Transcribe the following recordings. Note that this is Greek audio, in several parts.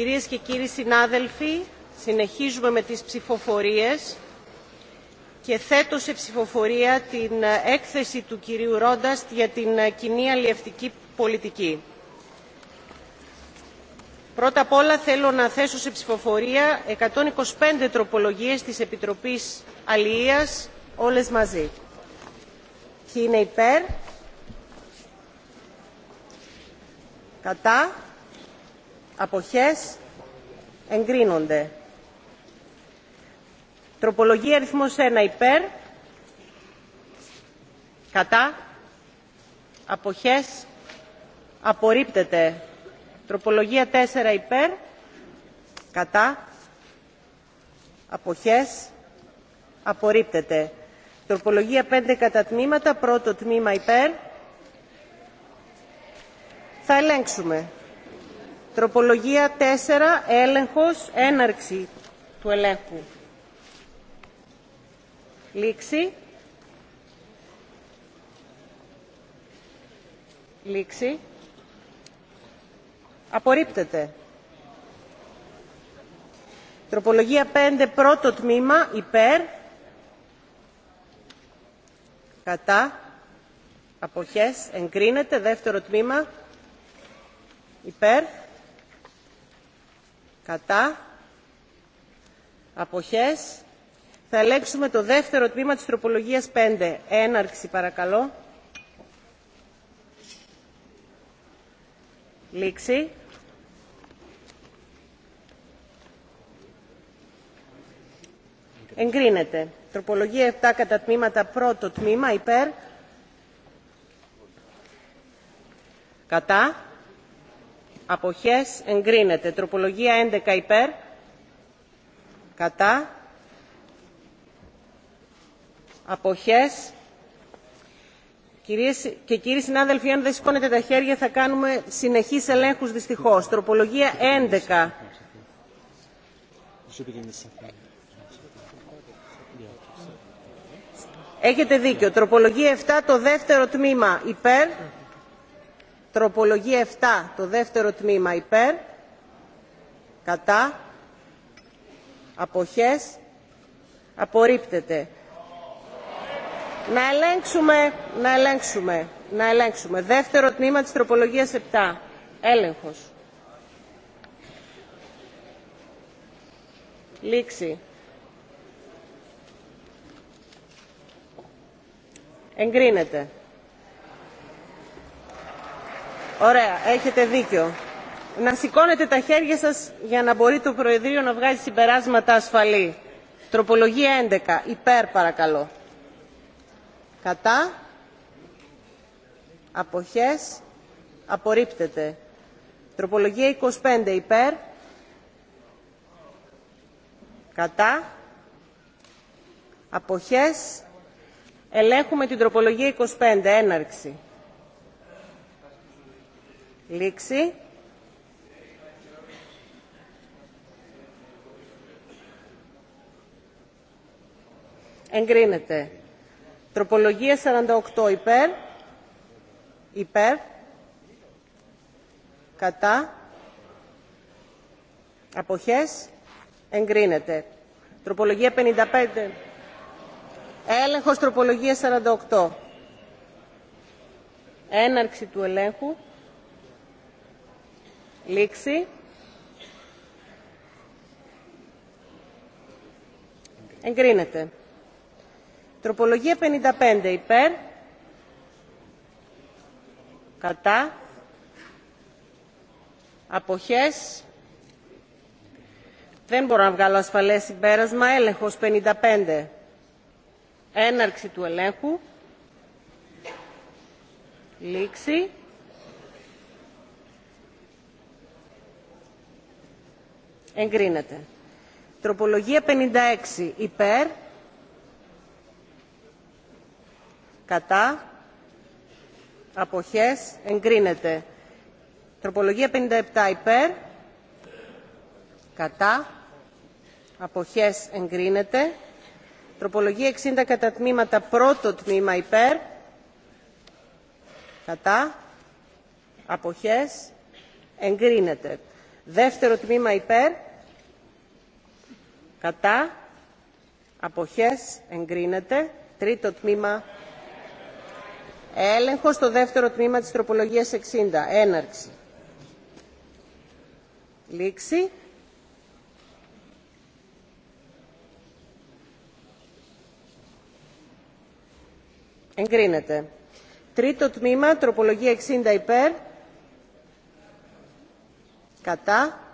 Κυρίες και κύριοι συνάδελφοι, συνεχίζουμε με τις ψηφοφορίες και θέτω σε ψηφοφορία την έκθεση του κυρίου Ρόντας για την κοινή αλλιευτική πολιτική. Πρώτα απ' όλα θέλω να θέσω σε ψηφοφορία 125 τροπολογίες της Επιτροπής Αλληλείας, όλες μαζί. Ποιοι είναι υπέρ, κατά, αποχές εγκρίνονται τροπολογία αριθμός 1 υπέρ κατά αποχές απορρίπτεται τροπολογία 4 υπέρ κατά αποχές απορρίπτεται τροπολογία 5 κατά τμήματα πρώτο τμήμα υπέρ θα ελέγξουμε Τροπολογία 4. Έλεγχος. Έναρξη του ελέγχου. Λήξη. Λήξη. Απορρίπτεται. Τροπολογία 5. Πρώτο τμήμα. Υπέρ. Κατά. Αποχές. Εγκρίνεται. Δεύτερο τμήμα. Υπέρ κατά αποχές θα ελέγξουμε το δεύτερο τμήμα της τροπολογίας 5 έναρξη παρακαλώ λήξη εγκρίνεται τροπολογία 7 κατά τμήματα πρώτο τμήμα υπέρ κατά αποχές εγκρίνεται τροπολογία 11 υπέρ κατά αποχές Κυρίες και κύριοι συνάδελφοι, αν δεν σηκώνετε τα χέρια θα κάνουμε συνεχείς ελέγχους δυστυχώς. Τροπολογία 11. Έχετε δίκιο. Τροπολογία 7, το δεύτερο τμήμα υπέρ. Τροπολογία 7, το δεύτερο τμήμα υπέρ, κατά, αποχές, απορρίπτεται. Να ελέγξουμε, να ελέγξουμε, να ελέγξουμε. Δεύτερο τμήμα της τροπολογίας 7, έλεγχος. Λήξη. Εγκρίνεται. Ωραία, έχετε δίκιο. Να σηκώνετε τα χέρια σας για να μπορεί το Προεδρείο να βγάζει συμπεράσματα ασφαλή. Τροπολογία 11. Υπέρ παρακαλώ. Κατά. Αποχές. Απορρίπτεται. Τροπολογία 25. Υπέρ. Κατά. Αποχές. Ελέγχουμε την τροπολογία 25. Έναρξη. Λήξη. Εγκρίνεται. Τροπολογία 48 υπέρ. Υπέρ. Κατά. Αποχές. Εγκρίνεται. Τροπολογία 55. Έλεγχος τροπολογία 48. Έναρξη του ελέγχου. Λήξη. Εγκρίνεται. Τροπολογία 55 υπέρ. Κατά. Αποχές. Δεν μπορώ να βγάλω ασφαλέ συμπέρασμα. Έλεγχος 55. Έναρξη του ελέγχου. Λήξη. εγκρίνεται. Τροπολογία 56 υπέρ, κατά, αποχές, εγκρίνεται. Τροπολογία 57 υπέρ, κατά, αποχές, εγκρίνεται. Τροπολογία 60 κατά τμήματα, πρώτο τμήμα υπέρ, κατά, αποχές, εγκρίνεται. Δεύτερο τμήμα υπέρ, κατά αποχές εγκρίνεται τρίτο τμήμα έλεγχος στο δεύτερο τμήμα της τροπολογίας 60 έναρξη λήξη εγκρίνεται τρίτο τμήμα τροπολογία 60 υπέρ κατά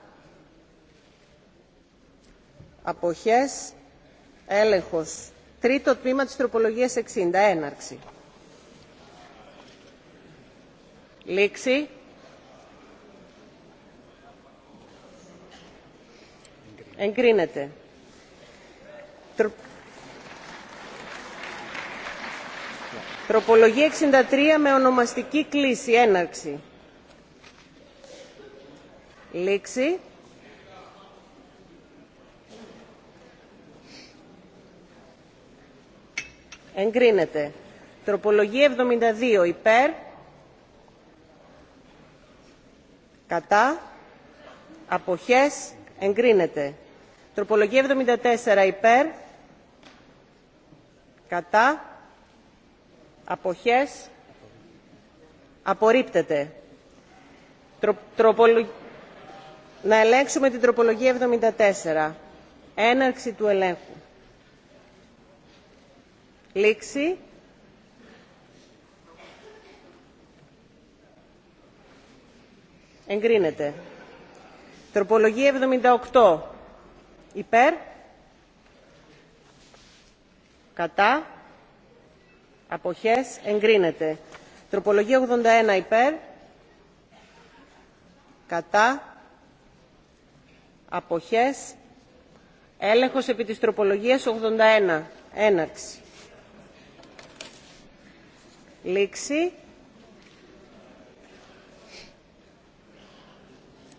αποχές έλεγχος τρίτο τμήμα της τροπολογίας 60 έναρξη λήξη εγκρίνεται τροπολογία 63 με ονομαστική κλίση έναρξη λήξη εγκρίνεται. Τροπολογία 72 υπέρ, κατά, αποχές, εγκρίνεται. Τροπολογία 74 υπέρ, κατά, αποχές, απορρίπτεται. Να ελέγξουμε την τροπολογία 74. Έναρξη του ελέγχου. Λήξη. Εγκρίνεται. Τροπολογία 78. Υπέρ. Κατά. Αποχές. Εγκρίνεται. Τροπολογία 81. Υπέρ. Κατά. Αποχές. Έλεγχος επί της τροπολογίας 81. Έναρξη. Λήξη.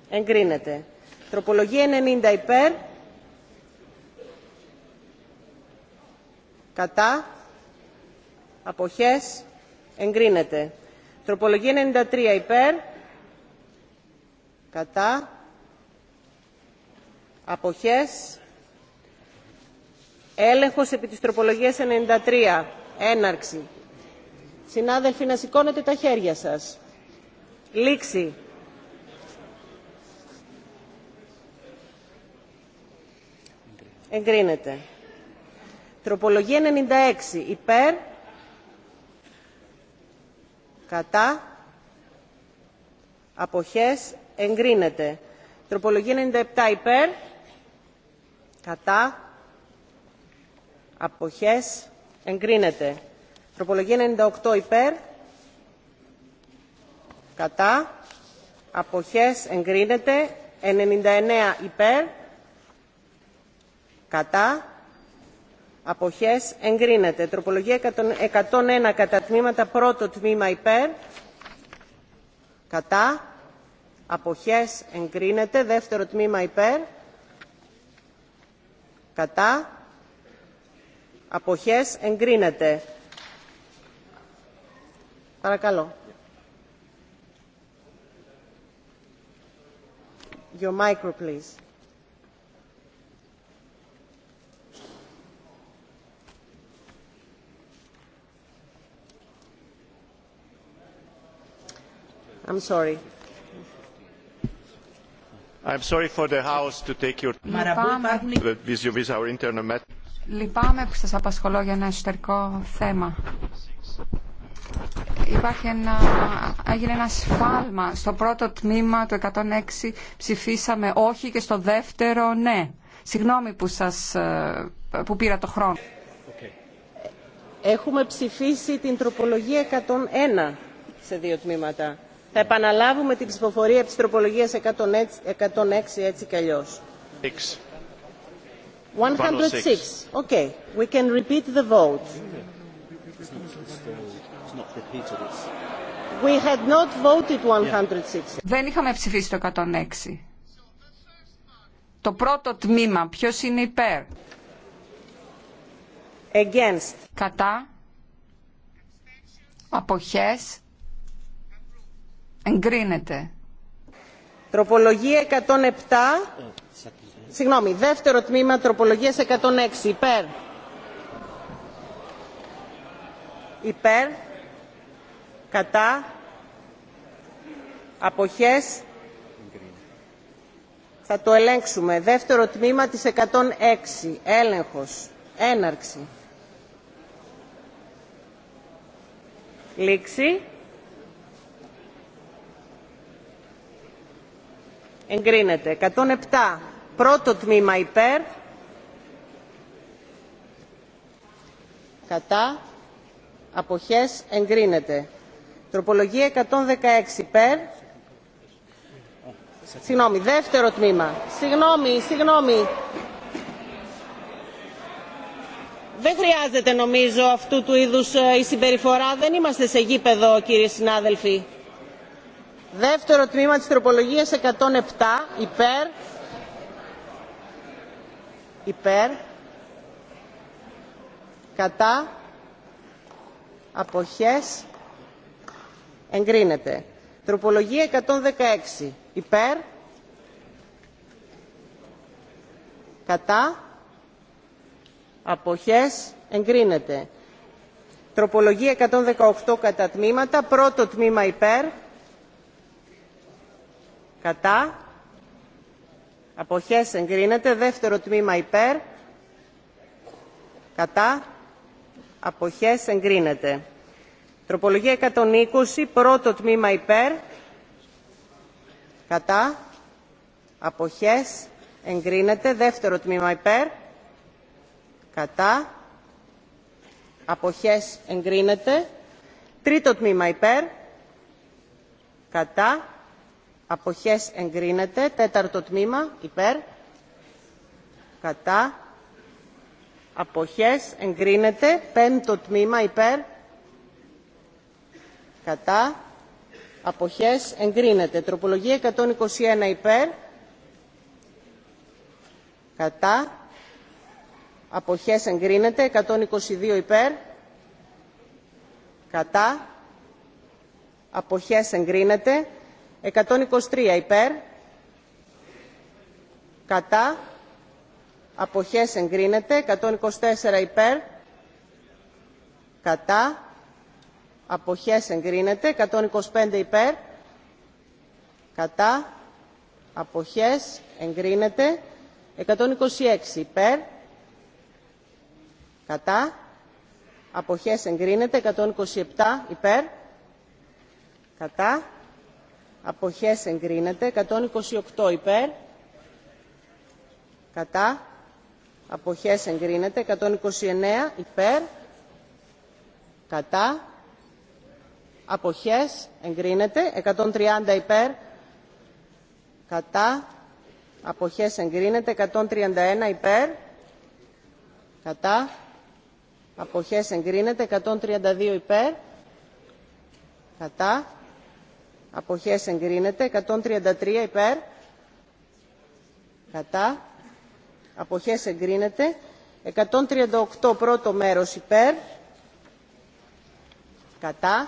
Εγκρίνεται. Τροπολογία 90 υπέρ. Κατά. Αποχές. Εγκρίνεται. Τροπολογία 93 υπέρ. Κατά. Αποχές. Έλεγχος επί της τροπολογίας 93. Έναρξη. Συνάδελφοι, να σηκώνετε τα χέρια σας. Λήξη. Εγκρίνεται. Τροπολογία 96. Υπέρ. Κατά. Αποχές. Εγκρίνεται. Τροπολογία 97. Υπέρ. Κατά. Αποχές. Εγκρίνεται Τροπολογία 98 υπέρ. Κατά. Αποχές εγκρίνεται. 99 υπέρ. Κατά. Αποχές εγκρίνεται. Τροπολογία 101 κατά τμήματα. Πρώτο τμήμα υπέρ. Κατά. Αποχές εγκρίνεται. Δεύτερο τμήμα υπέρ. Κατά. Αποχές εγκρίνεται. Παρακαλώ. Your micro, please. I'm sorry. I'm sorry for the house to take your... Λυπάμαι... With our internal... Λυπάμαι που σας απασχολώ για ένα εσωτερικό θέμα υπάρχει ένα, έγινε ένα σφάλμα. Στο πρώτο τμήμα του 106 ψηφίσαμε όχι και στο δεύτερο ναι. Συγγνώμη που, σας, ε, που πήρα το χρόνο. Έχουμε ψηφίσει την τροπολογία 101 σε δύο τμήματα. Θα επαναλάβουμε την ψηφοφορία της τροπολογίας 106, έτσι κι αλλιώς. 106. Okay. We can repeat the vote. Δεν είχαμε ψηφίσει το 106. Το πρώτο τμήμα, ποιος είναι υπέρ. Κατά. Αποχές. Εγκρίνεται. Τροπολογία 107. Ε, Συγγνώμη, δεύτερο τμήμα τροπολογίας 106. Υπέρ. Υπέρ κατά αποχές θα το ελέγξουμε δεύτερο τμήμα της 106 έλεγχος έναρξη λήξη εγκρίνεται 107 πρώτο τμήμα υπέρ κατά αποχές εγκρίνεται Τροπολογία 116 υπέρ. Συγγνώμη, δεύτερο τμήμα. Συγγνώμη, συγγνώμη. Δεν χρειάζεται νομίζω αυτού του είδους ε, η συμπεριφορά. Δεν είμαστε σε γήπεδο κύριε συνάδελφοι. Δεύτερο τμήμα της τροπολογίας 107 υπέρ. Υπέρ. Κατά. Αποχές εγκρίνεται. Τροπολογία 116 υπέρ, κατά, αποχές, εγκρίνεται. Τροπολογία 118 κατά τμήματα, πρώτο τμήμα υπέρ, κατά, αποχές εγκρίνεται, δεύτερο τμήμα υπέρ, κατά, αποχές εγκρίνεται. Τροπολογία 120, πρώτο τμήμα υπέρ, κατά, αποχές, εγκρίνεται. Δεύτερο τμήμα υπέρ, κατά, αποχές, εγκρίνεται. Τρίτο τμήμα υπέρ, κατά, αποχές, εγκρίνεται. Τέταρτο τμήμα υπέρ, κατά, αποχές, εγκρίνεται. Πέμπτο τμήμα υπέρ, κατά αποχές εγκρίνεται τροπολογία 121 υπέρ κατά αποχές εγκρίνεται 122 υπέρ κατά αποχές εγκρίνεται 123 υπέρ κατά αποχές εγκρίνεται 124 υπέρ κατά αποχές εγκρίνεται 125 υπέρ κατά αποχές εγκρίνεται 126 υπέρ κατά αποχές εγκρίνεται 127 υπέρ κατά αποχές εγκρίνεται 128 υπέρ κατά αποχές εγκρίνεται 129 υπέρ κατά αποχές εγκρίνεται 130 υπέρ κατά αποχές εγκρίνεται 131 υπέρ κατά αποχές εγκρίνεται 132 υπέρ κατά αποχές εγκρίνεται 133 υπέρ κατά αποχές εγκρίνεται 138 πρώτο μέρος υπέρ κατά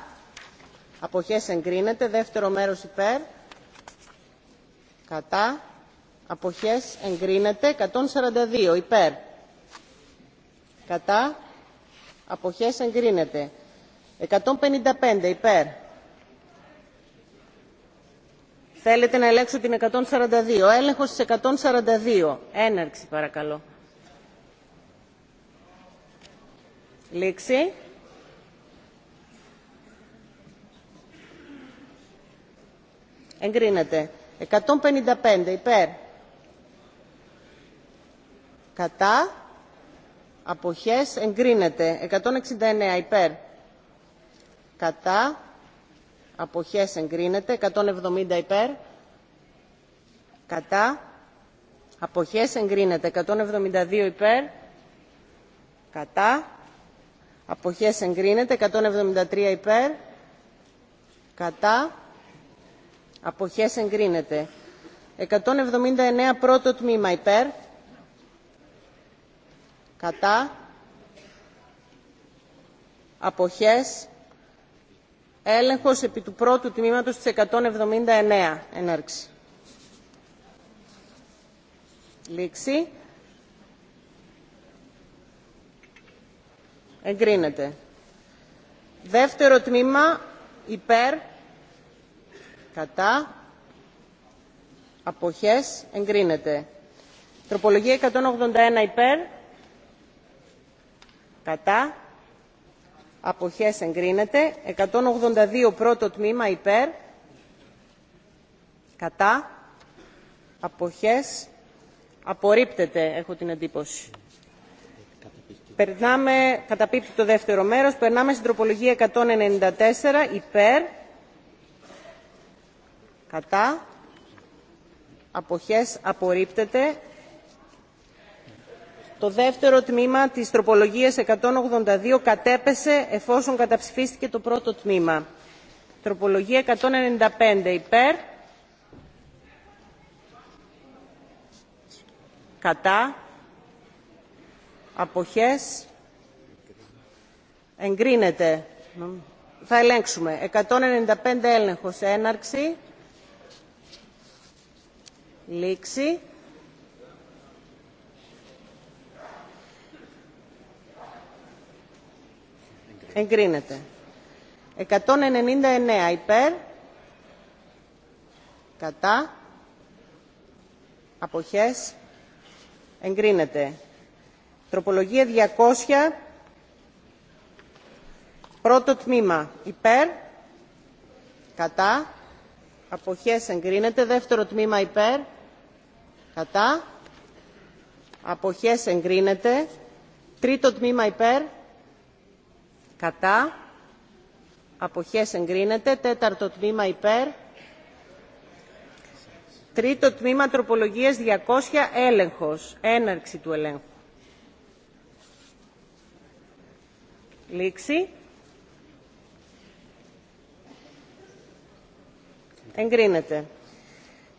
αποχές εγκρίνεται δεύτερο μέρος υπέρ κατά αποχές εγκρίνεται 142 υπέρ κατά αποχές εγκρίνεται 155 υπέρ Θέλετε να ελέγξω την 142. Έλεγχος της 142. Έναρξη παρακαλώ. Λήξη. εγκρίνεται 155 υπέρ κατά αποχές εγκρίνεται 169 υπέρ κατά αποχές εγκρίνεται 170 υπέρ κατά αποχές εγκρίνεται 172 υπέρ κατά αποχές εγκρίνεται 173 υπέρ κατά αποχές εγκρίνεται 179 πρώτο τμήμα υπέρ κατά αποχές έλεγχος επί του πρώτου τμήματος της 179 έναρξη λήξη εγκρίνεται δεύτερο τμήμα υπέρ κατά αποχές εγκρίνεται τροπολογία 181 υπέρ κατά αποχές εγκρίνεται 182 πρώτο τμήμα υπέρ κατά αποχές απορρίπτεται έχω την εντύπωση περνάμε καταπίπτει το δεύτερο μέρος περνάμε στην τροπολογία 194 υπέρ κατά αποχές απορρίπτεται το δεύτερο τμήμα της τροπολογίας 182 κατέπεσε εφόσον καταψηφίστηκε το πρώτο τμήμα τροπολογία 195 υπέρ κατά αποχές εγκρίνεται θα ελέγξουμε 195 έλεγχος έναρξη λήξη. Εγκρίνεται. 199 υπέρ. Κατά. Αποχές. Εγκρίνεται. Τροπολογία 200. Πρώτο τμήμα υπέρ. Κατά. Αποχές εγκρίνεται. Δεύτερο τμήμα υπέρ κατά αποχές εγκρίνεται τρίτο τμήμα υπέρ κατά αποχές εγκρίνεται τέταρτο τμήμα υπέρ τρίτο τμήμα τροπολογίας 200 έλεγχος έναρξη του ελέγχου λήξη εγκρίνεται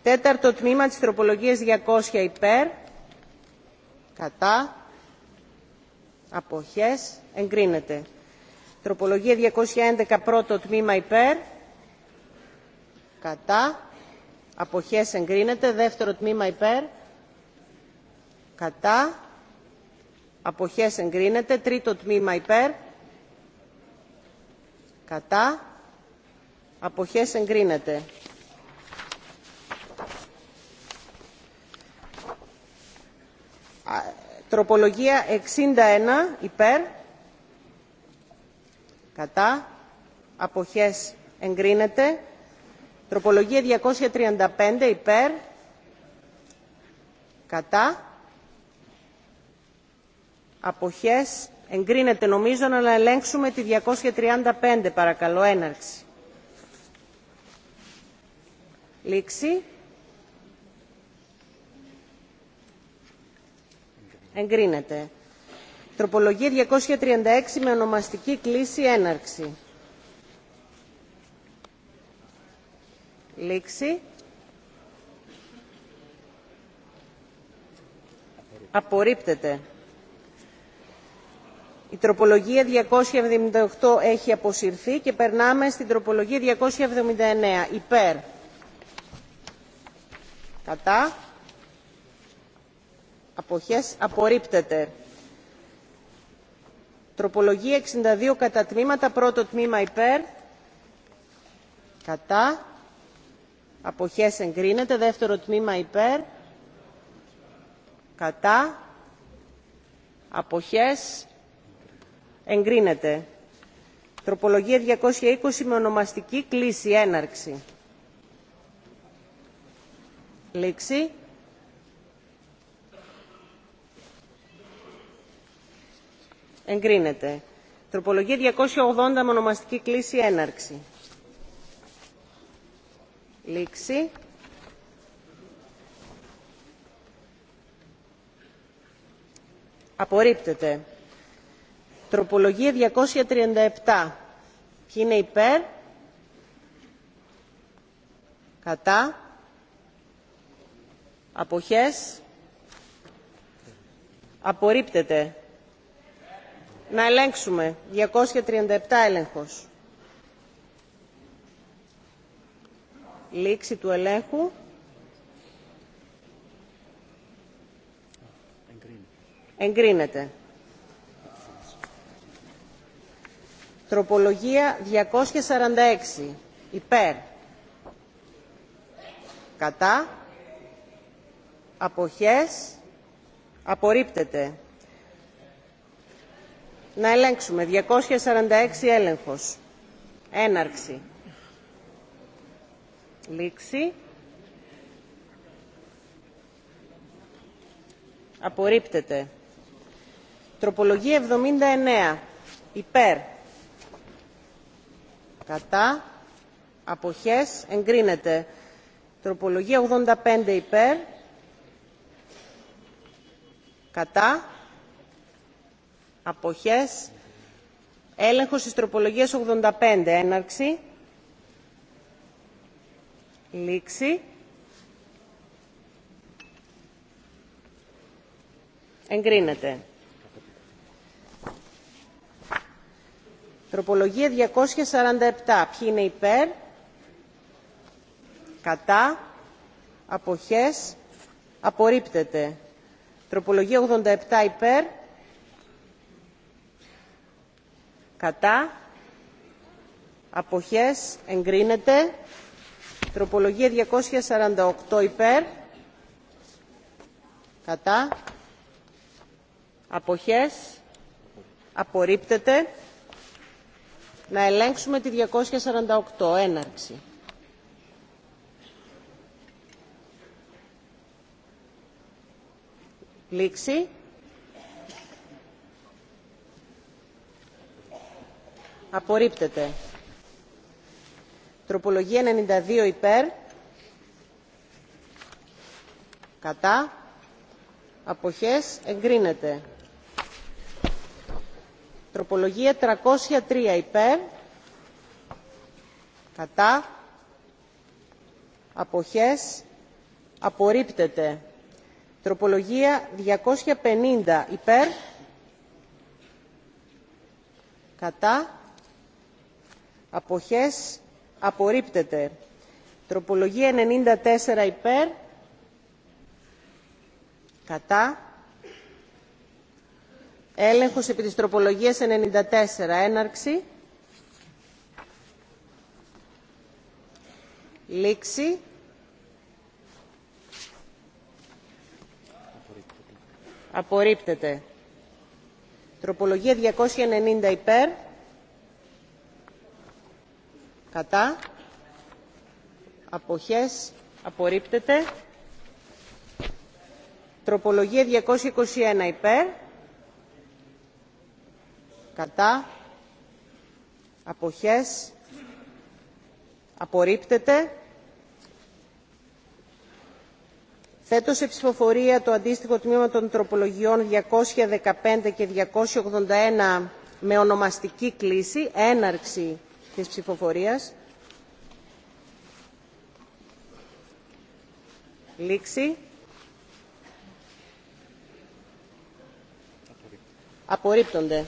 τέταρτο τμήμα της τροπολογίας 200 υπέρ κατά αποχές εγκρίνεται τροπολογία 211 πρώτο τμήμα υπέρ κατά αποχές εγκρίνεται δεύτερο τμήμα υπέρ κατά αποχές εγκρίνεται τρίτο τμήμα υπέρ κατά αποχές εγκρίνεται Τροπολογία 61 υπέρ. Κατά. Αποχές εγκρίνεται. Τροπολογία 235 υπέρ. Κατά. Αποχές εγκρίνεται νομίζω να ελέγξουμε τη 235 παρακαλώ έναρξη. Λήξη. εγκρίνεται. τροπολογία 236 με ονομαστική κλίση έναρξη. λήξη. απορρίπτεται. Η τροπολογία 278 έχει αποσυρθεί και περνάμε στην τροπολογία 279. Υπέρ. Κατά αποχές απορρίπτεται τροπολογία 62 κατά τμήματα πρώτο τμήμα υπέρ κατά αποχές εγκρίνεται δεύτερο τμήμα υπέρ κατά αποχές εγκρίνεται τροπολογία 220 με ονομαστική κλίση έναρξη λήξη εγκρίνεται. Τροπολογία 280 Μονομαστική κλίση έναρξη. Λήξη. Απορρίπτεται. Τροπολογία 237. Ποιοι είναι υπέρ. Κατά. Αποχές. Απορρίπτεται να ελέγξουμε 237 έλεγχος λήξη του ελέγχου εγκρίνεται τροπολογία 246 υπέρ κατά αποχές απορρίπτεται να ελέγξουμε. 246 έλεγχος. Έναρξη. Λήξη. Απορρίπτεται. Τροπολογία 79. Υπέρ. Κατά. Αποχές. Εγκρίνεται. Τροπολογία 85 υπέρ. Κατά αποχές έλεγχος της τροπολογίας 85 έναρξη λήξη εγκρίνεται τροπολογία 247 ποιοι είναι υπέρ κατά αποχές απορρίπτεται τροπολογία 87 υπέρ κατά αποχές εγκρίνεται τροπολογία 248 υπέρ κατά αποχές απορρίπτεται να ελέγξουμε τη 248 έναρξη λήξη απορρίπτεται τροπολογία 92 υπέρ κατά αποχές εγκρίνεται τροπολογία 303 υπέρ κατά αποχές απορρίπτεται τροπολογία 250 υπέρ κατά αποχές απορρίπτεται τροπολογία 94 υπέρ κατά έλεγχος επί της τροπολογίας 94 έναρξη λήξη απορρίπτεται τροπολογία 290 υπέρ κατά αποχές απορρίπτεται τροπολογία 221 υπέρ κατά αποχές απορρίπτεται θέτω σε ψηφοφορία το αντίστοιχο τμήμα των τροπολογιών 215 και 281 με ονομαστική κλίση έναρξη της ψηφοφορίας. Λήξη. Απορρίπτονται.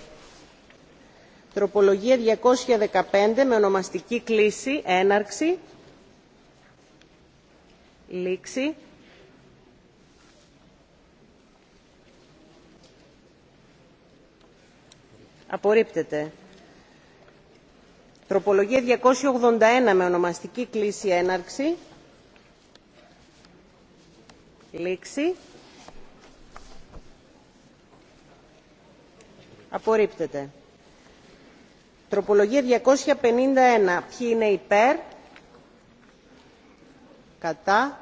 Τροπολογία 215 με ονομαστική κλίση, έναρξη. Λήξη. Απορρίπτεται. Τροπολογία 281 με ονομαστική κλίση έναρξη. Λήξη. Απορρίπτεται. Τροπολογία 251. Ποιοι είναι υπέρ. Κατά.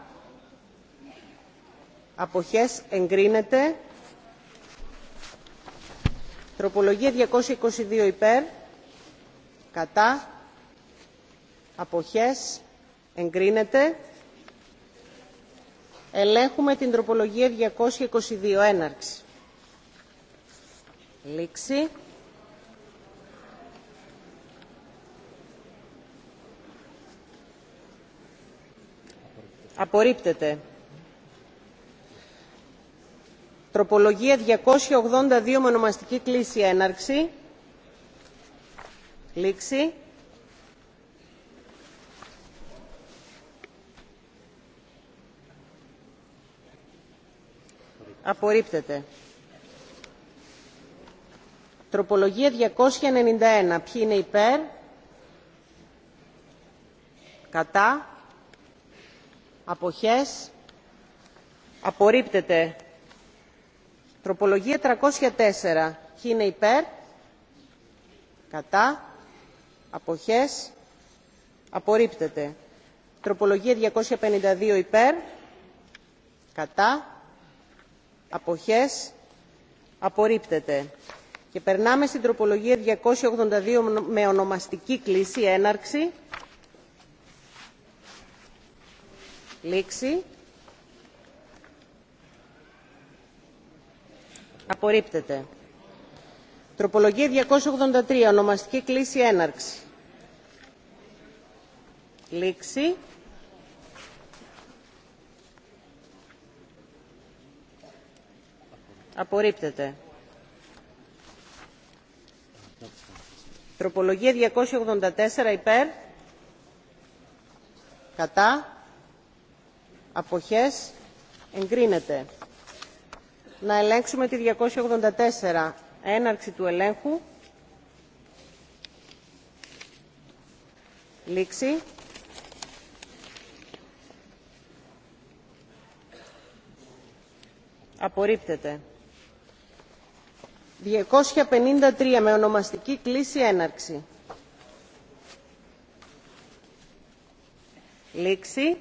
Αποχές εγκρίνεται. Τροπολογία 222 υπέρ κατά αποχές εγκρίνεται ελέγχουμε την τροπολογία 222 έναρξη λήξη απορρίπτεται τροπολογία 282 με ονομαστική κλίση έναρξη λήξη. Απορρίπτεται. Τροπολογία 291. Ποιοι είναι υπέρ. Κατά. Αποχές. Απορρίπτεται. Τροπολογία 304. Ποιοι είναι υπέρ. Κατά αποχές απορρίπτεται τροπολογία 252 υπέρ κατά αποχές απορρίπτεται και περνάμε στην τροπολογία 282 με ονομαστική κλίση έναρξη λήξη απορρίπτεται Τροπολογία 283. Ονομαστική κλίση έναρξη. Λήξη. Απορρίπτεται. Τροπολογία 284 υπέρ. Κατά. Αποχές. Εγκρίνεται. Να ελέγξουμε τη 284 έναρξη του ελέγχου λήξη απορρίπτεται 253 με ονομαστική κλίση έναρξη λήξη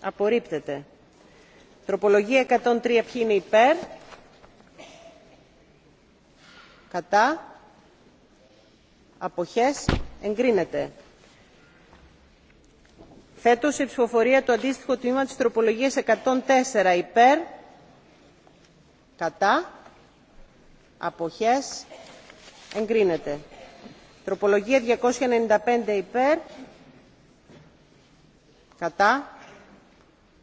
απορρίπτεται τροπολογία 103 ποιοι είναι υπέρ κατά αποχές εγκρίνεται θέτω σε ψηφοφορία το αντίστοιχο τμήμα της τροπολογίας 104 υπέρ κατά αποχές εγκρίνεται τροπολογία 295 υπέρ κατά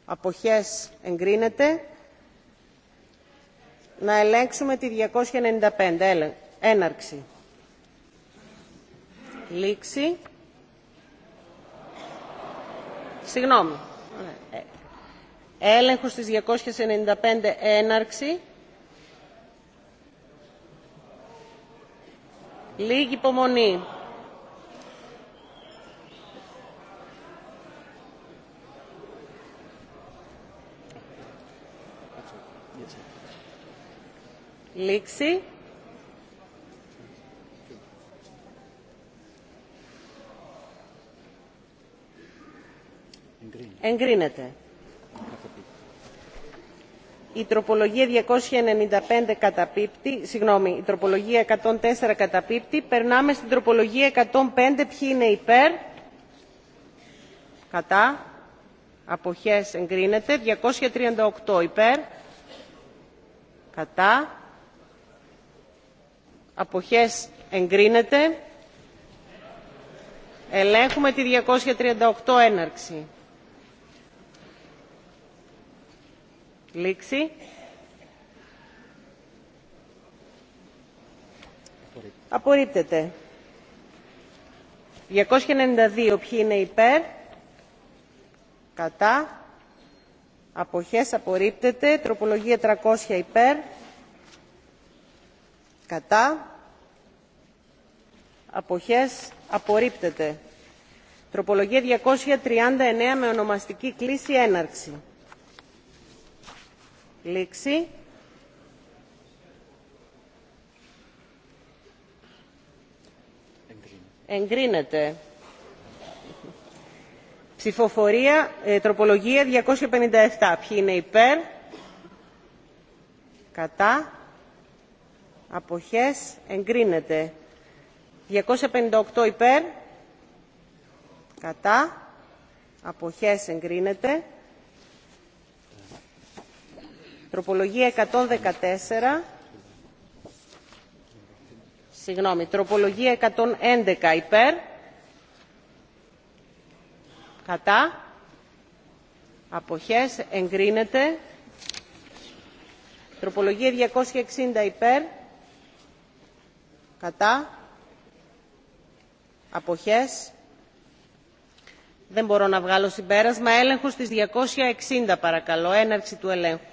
αποχές εγκρίνεται να ελέγξουμε τη 295 έναρξη λήξη συγγνώμη έλεγχος της 295 έναρξη λίγη υπομονή Λήξη. Εγκρίνεται. Η τροπολογία 295 καταπίπτει, συγγνώμη, η τροπολογία 104 καταπίπτει. Περνάμε στην τροπολογία 105. Ποιοι είναι υπέρ. Κατά. Αποχές εγκρίνεται. 238 υπέρ. Κατά αποχές εγκρίνεται ελέγχουμε τη 238 έναρξη λήξη απορρίπτεται 292 ποιοι είναι υπέρ κατά αποχές απορρίπτεται τροπολογία 300 υπέρ κατά αποχές απορρίπτεται τροπολογία 239 με ονομαστική κλίση έναρξη λήξη εγκρίνεται ψηφοφορία ε, τροπολογία 257 ποιοι είναι υπέρ κατά αποχές εγκρίνεται 258 υπέρ κατά αποχές εγκρίνεται τροπολογία 114 συγγνώμη τροπολογία 111 υπέρ κατά αποχές εγκρίνεται τροπολογία 260 υπέρ κατά αποχές δεν μπορώ να βγάλω συμπέρασμα έλεγχος στις 260 παρακαλώ έναρξη του ελέγχου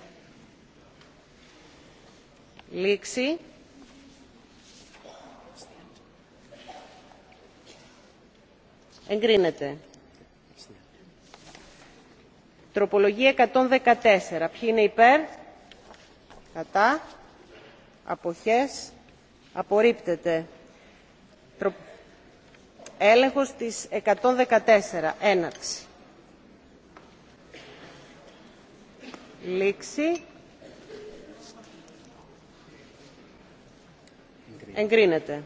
λήξη εγκρίνεται τροπολογία 114 ποιοι είναι υπέρ κατά αποχές απορρίπτεται έλεγχος της 114 έναρξη λήξη εγκρίνεται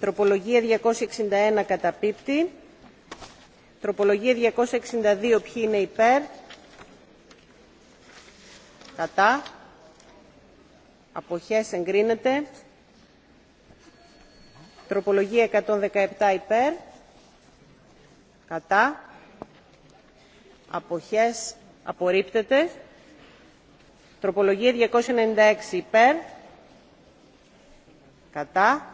τροπολογία 261 καταπίπτει τροπολογία 262 ποιοι είναι υπέρ κατά αποχές εγκρίνεται τροπολογία 117 υπέρ κατά αποχές απορρίπτεται τροπολογία 296 υπέρ κατά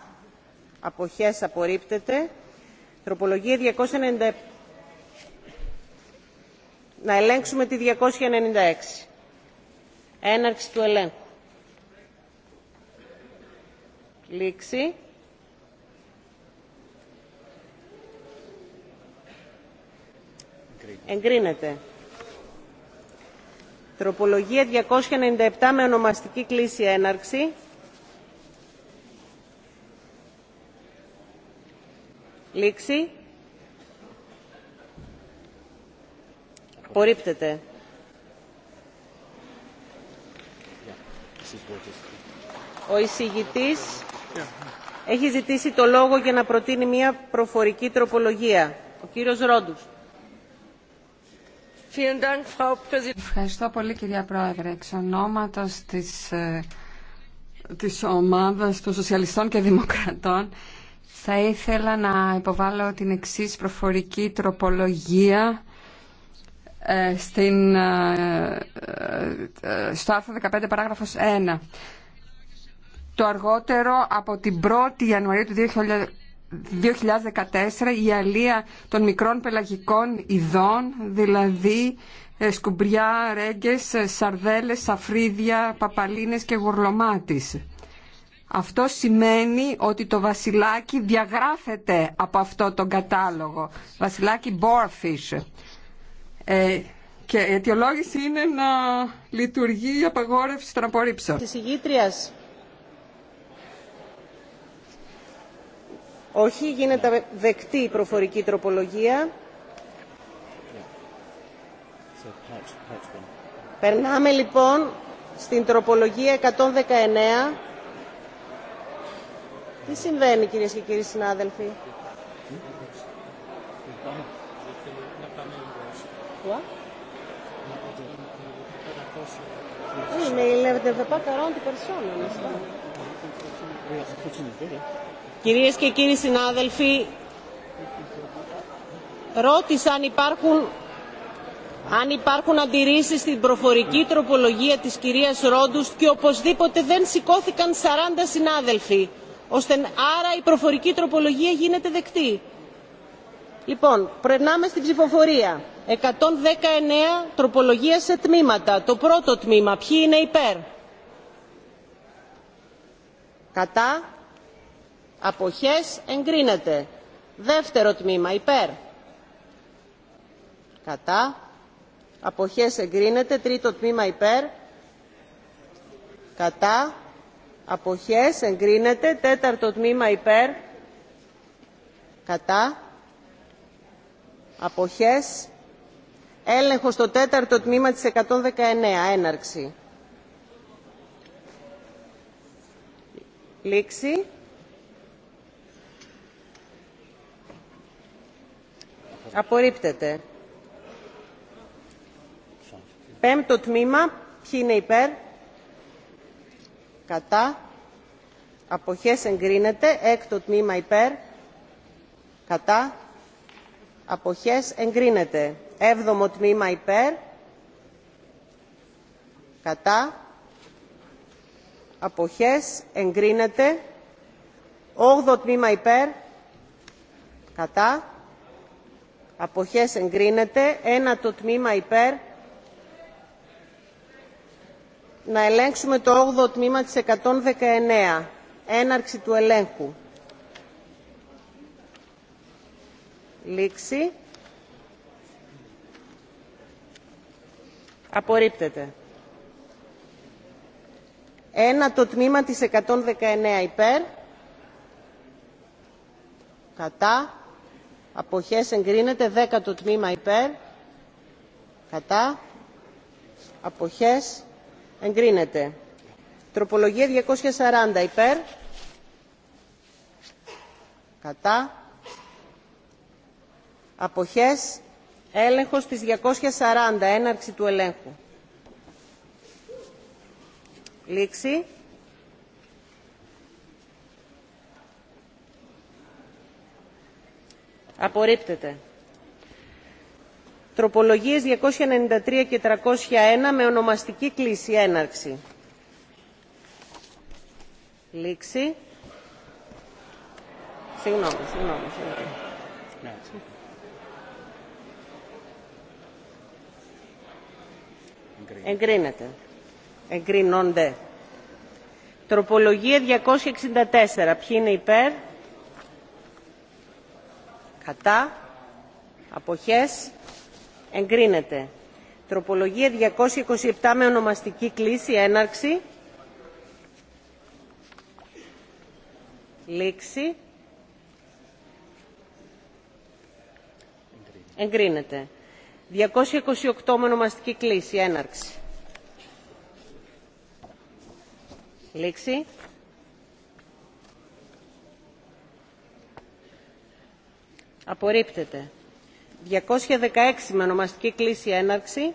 αποχές απορρίπτεται τροπολογία 296. να ελέγξουμε τη 296 έναρξη του ελέγχου Λήξη. Εγκρίνεται. Τροπολογία 297 με ονομαστική κλίση έναρξη. Λήξη. Απορρίπτεται. Ο εισηγητής έχει ζητήσει το λόγο για να προτείνει μια προφορική τροπολογία. Ο κύριος Ρόντους. Ευχαριστώ πολύ κυρία Πρόεδρε. Εξ ονόματος της, ε, της ομάδας των Σοσιαλιστών και Δημοκρατών θα ήθελα να υποβάλω την εξής προφορική τροπολογία ε, ε, στο άρθρο 15 παράγραφος 1 το αργότερο από την 1η Ιανουαρίου του 2014 η αλία των μικρών πελαγικών ειδών, δηλαδή ε, σκουμπριά, ρέγγες, ε, σαρδέλες, σαφρίδια, παπαλίνες και γουρλωμάτις. Αυτό σημαίνει ότι το βασιλάκι διαγράφεται από αυτό τον κατάλογο. Βασιλάκι Boarfish. Ε, και η αιτιολόγηση είναι να λειτουργεί η απαγόρευση των απορρίψεων. Όχι, γίνεται δεκτή η προφορική τροπολογία. Περνάμε λοιπόν στην τροπολογία 119. Τι συμβαίνει κυρίες και κύριοι συνάδελφοι. η Κυρίες και κύριοι συνάδελφοι, ρώτησα αν υπάρχουν, αν υπάρχουν αντιρρήσεις στην προφορική τροπολογία της κυρίας Ρόντους και οπωσδήποτε δεν σηκώθηκαν 40 συνάδελφοι. Ώστε, άρα η προφορική τροπολογία γίνεται δεκτή. Λοιπόν, περνάμε στην ψηφοφορία. 119 τροπολογία σε τμήματα. Το πρώτο τμήμα, ποιοι είναι υπέρ. Κατά Αποχές εγκρίνεται. Δεύτερο τμήμα υπέρ. Κατά. Αποχές εγκρίνεται. Τρίτο τμήμα υπέρ. Κατά. Αποχές εγκρίνεται. Τέταρτο τμήμα υπέρ. Κατά. Αποχές. Έλεγχο στο τέταρτο τμήμα της 119. Έναρξη. Λήξη. απορρίπτεται πέμπτο τμήμα ποιοι είναι υπέρ κατά αποχές εγκρίνεται έκτο τμήμα υπέρ κατά αποχές εγκρίνεται έβδομο τμήμα υπέρ κατά αποχές εγκρίνεται όγδο τμήμα υπέρ κατά αποχές εγκρίνεται ένα το τμήμα υπέρ να ελέγξουμε το 8ο τμήμα της 119 έναρξη του ελέγχου λήξη απορρίπτεται ένα το τμήμα της 119 υπέρ κατά αποχές εγκρίνεται δέκατο τμήμα υπέρ κατά αποχές εγκρίνεται τροπολογία 240 υπέρ κατά αποχές έλεγχος της 240 έναρξη του ελέγχου λήξη απορρίπτεται τροπολογίες 293 και 301 με ονομαστική κλίση έναρξη λήξη συγγνώμη, συγγνώμη, συγγνώμη. Εγκρίνεται. Εγκρίνονται. Τροπολογία 264. Ποιοι είναι υπέρ κατά αποχές εγκρίνεται τροπολογία 227 με ονομαστική κλίση έναρξη λήξη εγκρίνεται 228 με ονομαστική κλίση έναρξη λήξη απορρίπτεται 216 με ονομαστική κλίση έναρξη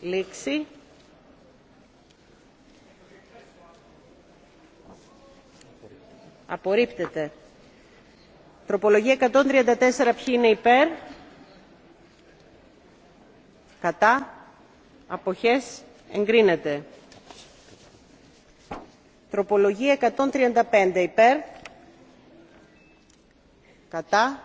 λήξη απορρίπτεται τροπολογία 134 ποιοι είναι υπέρ κατά αποχές εγκρίνεται τροπολογία 135 υπέρ κατά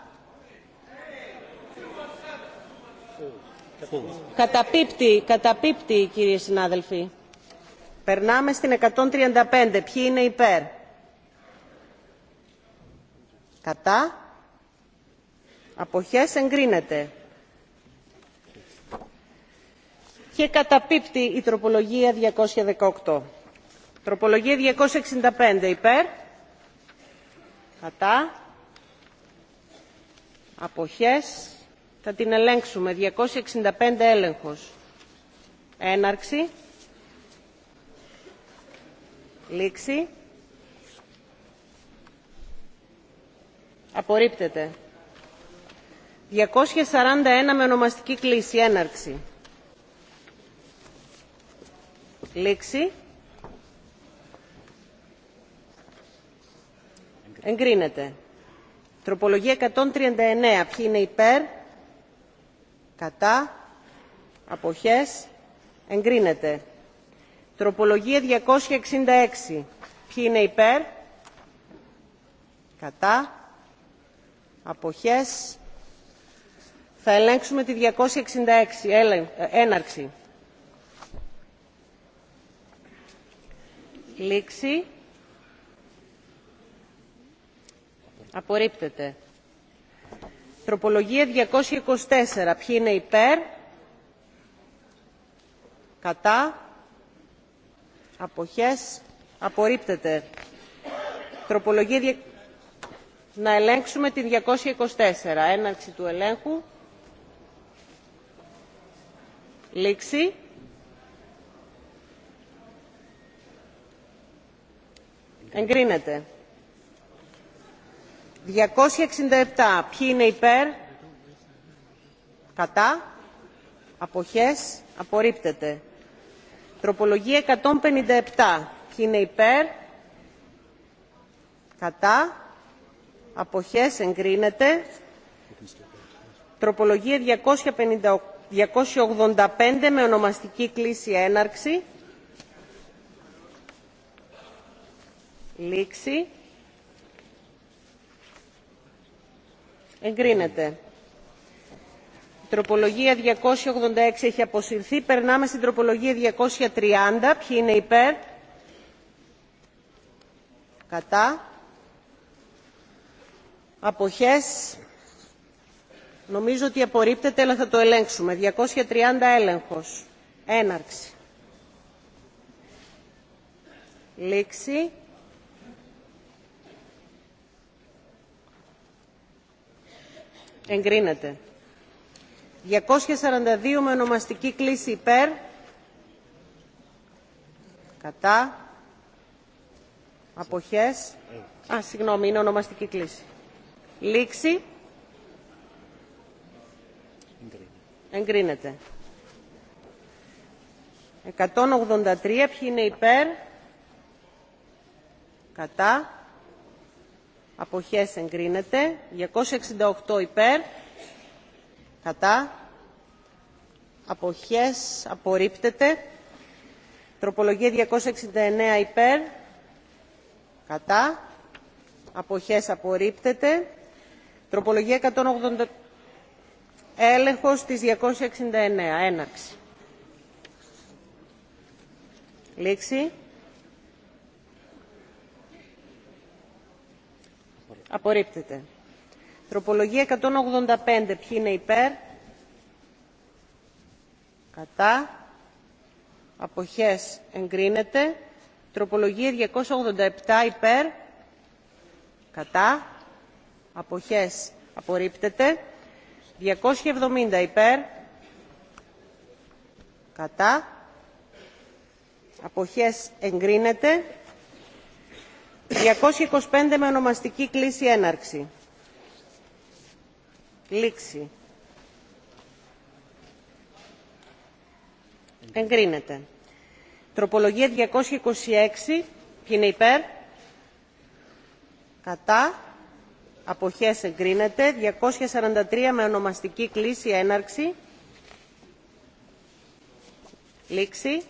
καταπίπτει, καταπίπτει κύριε συνάδελφοι περνάμε στην 135 ποιοι είναι υπέρ κατά αποχές εγκρίνεται και καταπίπτει η τροπολογία 218 τροπολογία 265 υπέρ κατά αποχές θα την ελέγξουμε 265 έλεγχος έναρξη λήξη απορρίπτεται 241 με ονομαστική κλίση έναρξη λήξη εγκρίνεται Τροπολογία 139. Ποιοι είναι υπέρ, κατά, αποχές, εγκρίνεται. Τροπολογία 266. Ποιοι είναι υπέρ, κατά, αποχές, θα ελέγξουμε τη 266, ε, έναρξη. Λήξη. απορρίπτεται τροπολογία 224 ποιοι είναι υπέρ κατά αποχές απορρίπτεται τροπολογία να ελέγξουμε τη 224 έναρξη του ελέγχου λήξη εγκρίνεται 267. Ποιοι είναι υπέρ. Κατά. Αποχές. Απορρίπτεται. Τροπολογία 157. Ποιοι είναι υπέρ. Κατά. Αποχές. Εγκρίνεται. Τροπολογία 285 με ονομαστική κλίση έναρξη. Λήξη. εγκρίνεται. Η τροπολογία 286 έχει αποσυρθεί. Περνάμε στην τροπολογία 230. Ποιοι είναι υπέρ. Κατά. Αποχές. Νομίζω ότι απορρίπτεται, αλλά θα το ελέγξουμε. 230 έλεγχος. Έναρξη. Λήξη. εγκρίνεται 242 με ονομαστική κλίση υπέρ κατά αποχές α, συγγνώμη, είναι ονομαστική κλίση λήξη εγκρίνεται 183 ποιοι είναι υπέρ κατά αποχές εγκρίνεται 268 υπέρ κατά αποχές απορρίπτεται τροπολογία 269 υπέρ κατά αποχές απορρίπτεται τροπολογία 180 έλεγχος της 269 έναξη λήξη απορρίπτεται. Τροπολογία 185. Ποιοι είναι υπέρ. Κατά. Αποχές εγκρίνεται. Τροπολογία 287 υπέρ. Κατά. Αποχές απορρίπτεται. 270 υπέρ. Κατά. Αποχές εγκρίνεται. 225 με ονομαστική κλίση έναρξη. Λήξη. Εγκρίνεται. Τροπολογία 226. Ποιοι είναι υπέρ. Κατά. Αποχές εγκρίνεται. 243 με ονομαστική κλίση έναρξη. Λήξη.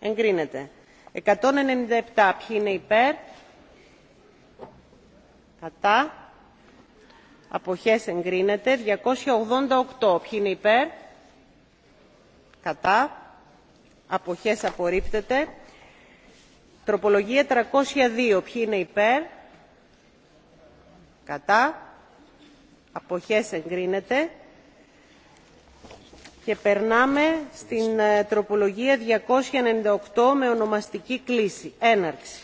εγκρίνεται 197 ποιοι είναι υπέρ κατά αποχές εγκρίνεται 288 ποιοι είναι υπέρ κατά αποχές απορρίπτεται τροπολογία 302 ποιοι είναι υπέρ κατά αποχές εγκρίνεται και περνάμε στην ε, τροπολογία 298 με ονομαστική κλίση. Έναρξη.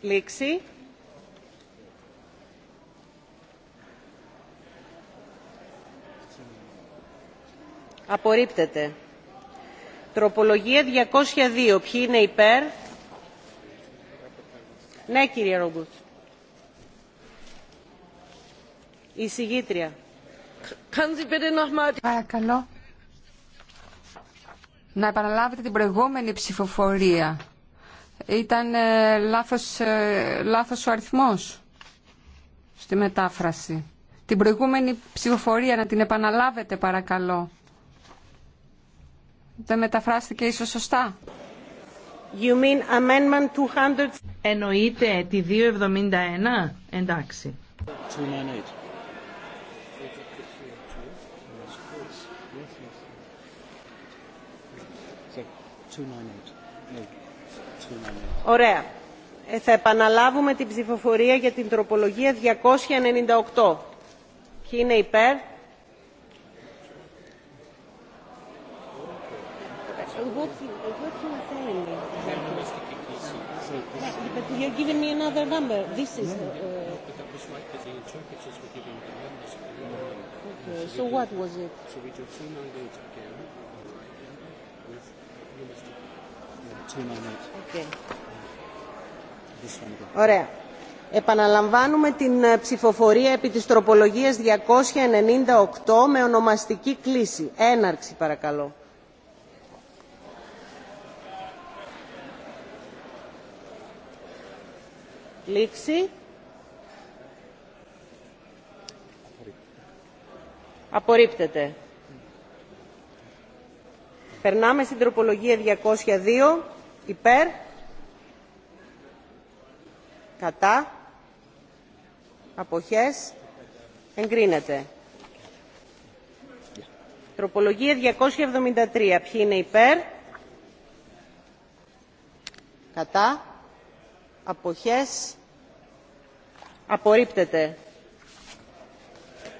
Λήξη. Απορρίπτεται. Τροπολογία 202. Ποιοι είναι υπέρ. Ναι, κύριε Ρογκούτ. Παρακαλώ να επαναλάβετε την προηγούμενη ψηφοφορία. Ήταν ε, λάθος, ε, λάθος ο αριθμός στη μετάφραση. Την προηγούμενη ψηφοφορία να την επαναλάβετε παρακαλώ. Δεν μεταφράστηκε ίσως σωστά. You mean amendment 200... Εννοείται τη 271. Εντάξει. Ωραία. Ε, θα επαναλάβουμε την ψηφοφορία για την τροπολογία 298. Ποιοι είναι υπέρ. So what was it? So we do 298 again. Ωραία. Επαναλαμβάνουμε την ε, ψηφοφορία επί της τροπολογίας 298 με ονομαστική κλίση. Έναρξη παρακαλώ. Λήξη. Απορρίπτεται. Περνάμε στην τροπολογία 202. Υπέρ. Κατά. Αποχές. Εγκρίνεται. Τροπολογία 273. Ποιοι είναι υπέρ. Κατά. Αποχές. Απορρίπτεται.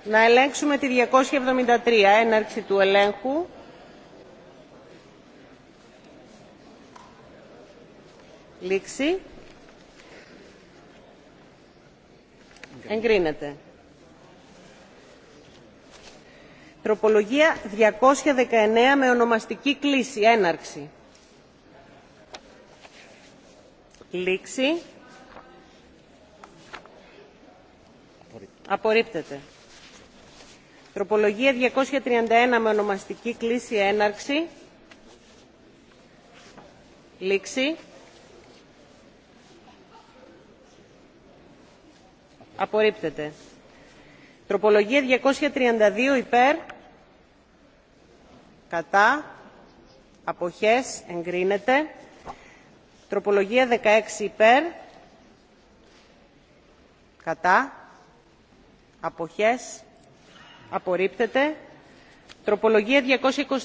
Να ελέγξουμε τη 273. Έναρξη του ελέγχου. Λήξη. Εγκρίνεται. Τροπολογία 219 με ονομαστική κλίση. Έναρξη. Λήξη. Απορρίπτεται. Τροπολογία 231 με ονομαστική κλίση. Έναρξη. Λήξη. απορρίπτεται τροπολογία 232 υπέρ κατά αποχές εγκρίνεται τροπολογία 16 υπέρ κατά αποχές απορρίπτεται τροπολογία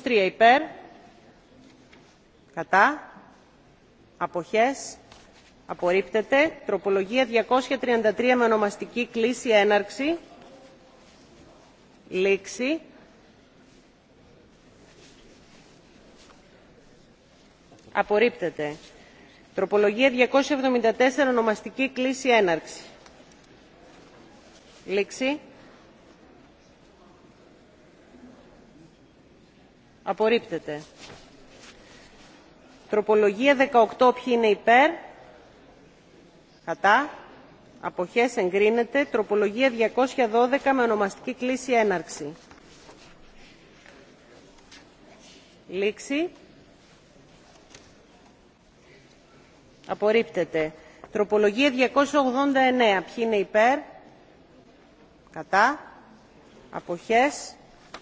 223 υπέρ κατά αποχές Απορρίπτεται. Τροπολογία 233 με ονομαστική κλίση έναρξη. Λήξη. Απορρίπτεται. Τροπολογία 274 ονομαστική κλίση έναρξη. Λήξη. Απορρίπτεται. Τροπολογία 18 ποιοι είναι υπέρ κατά αποχές εγκρίνεται τροπολογία 212 με ονομαστική κλίση έναρξη λήξη απορρίπτεται τροπολογία 289 ποιοι είναι υπέρ κατά αποχές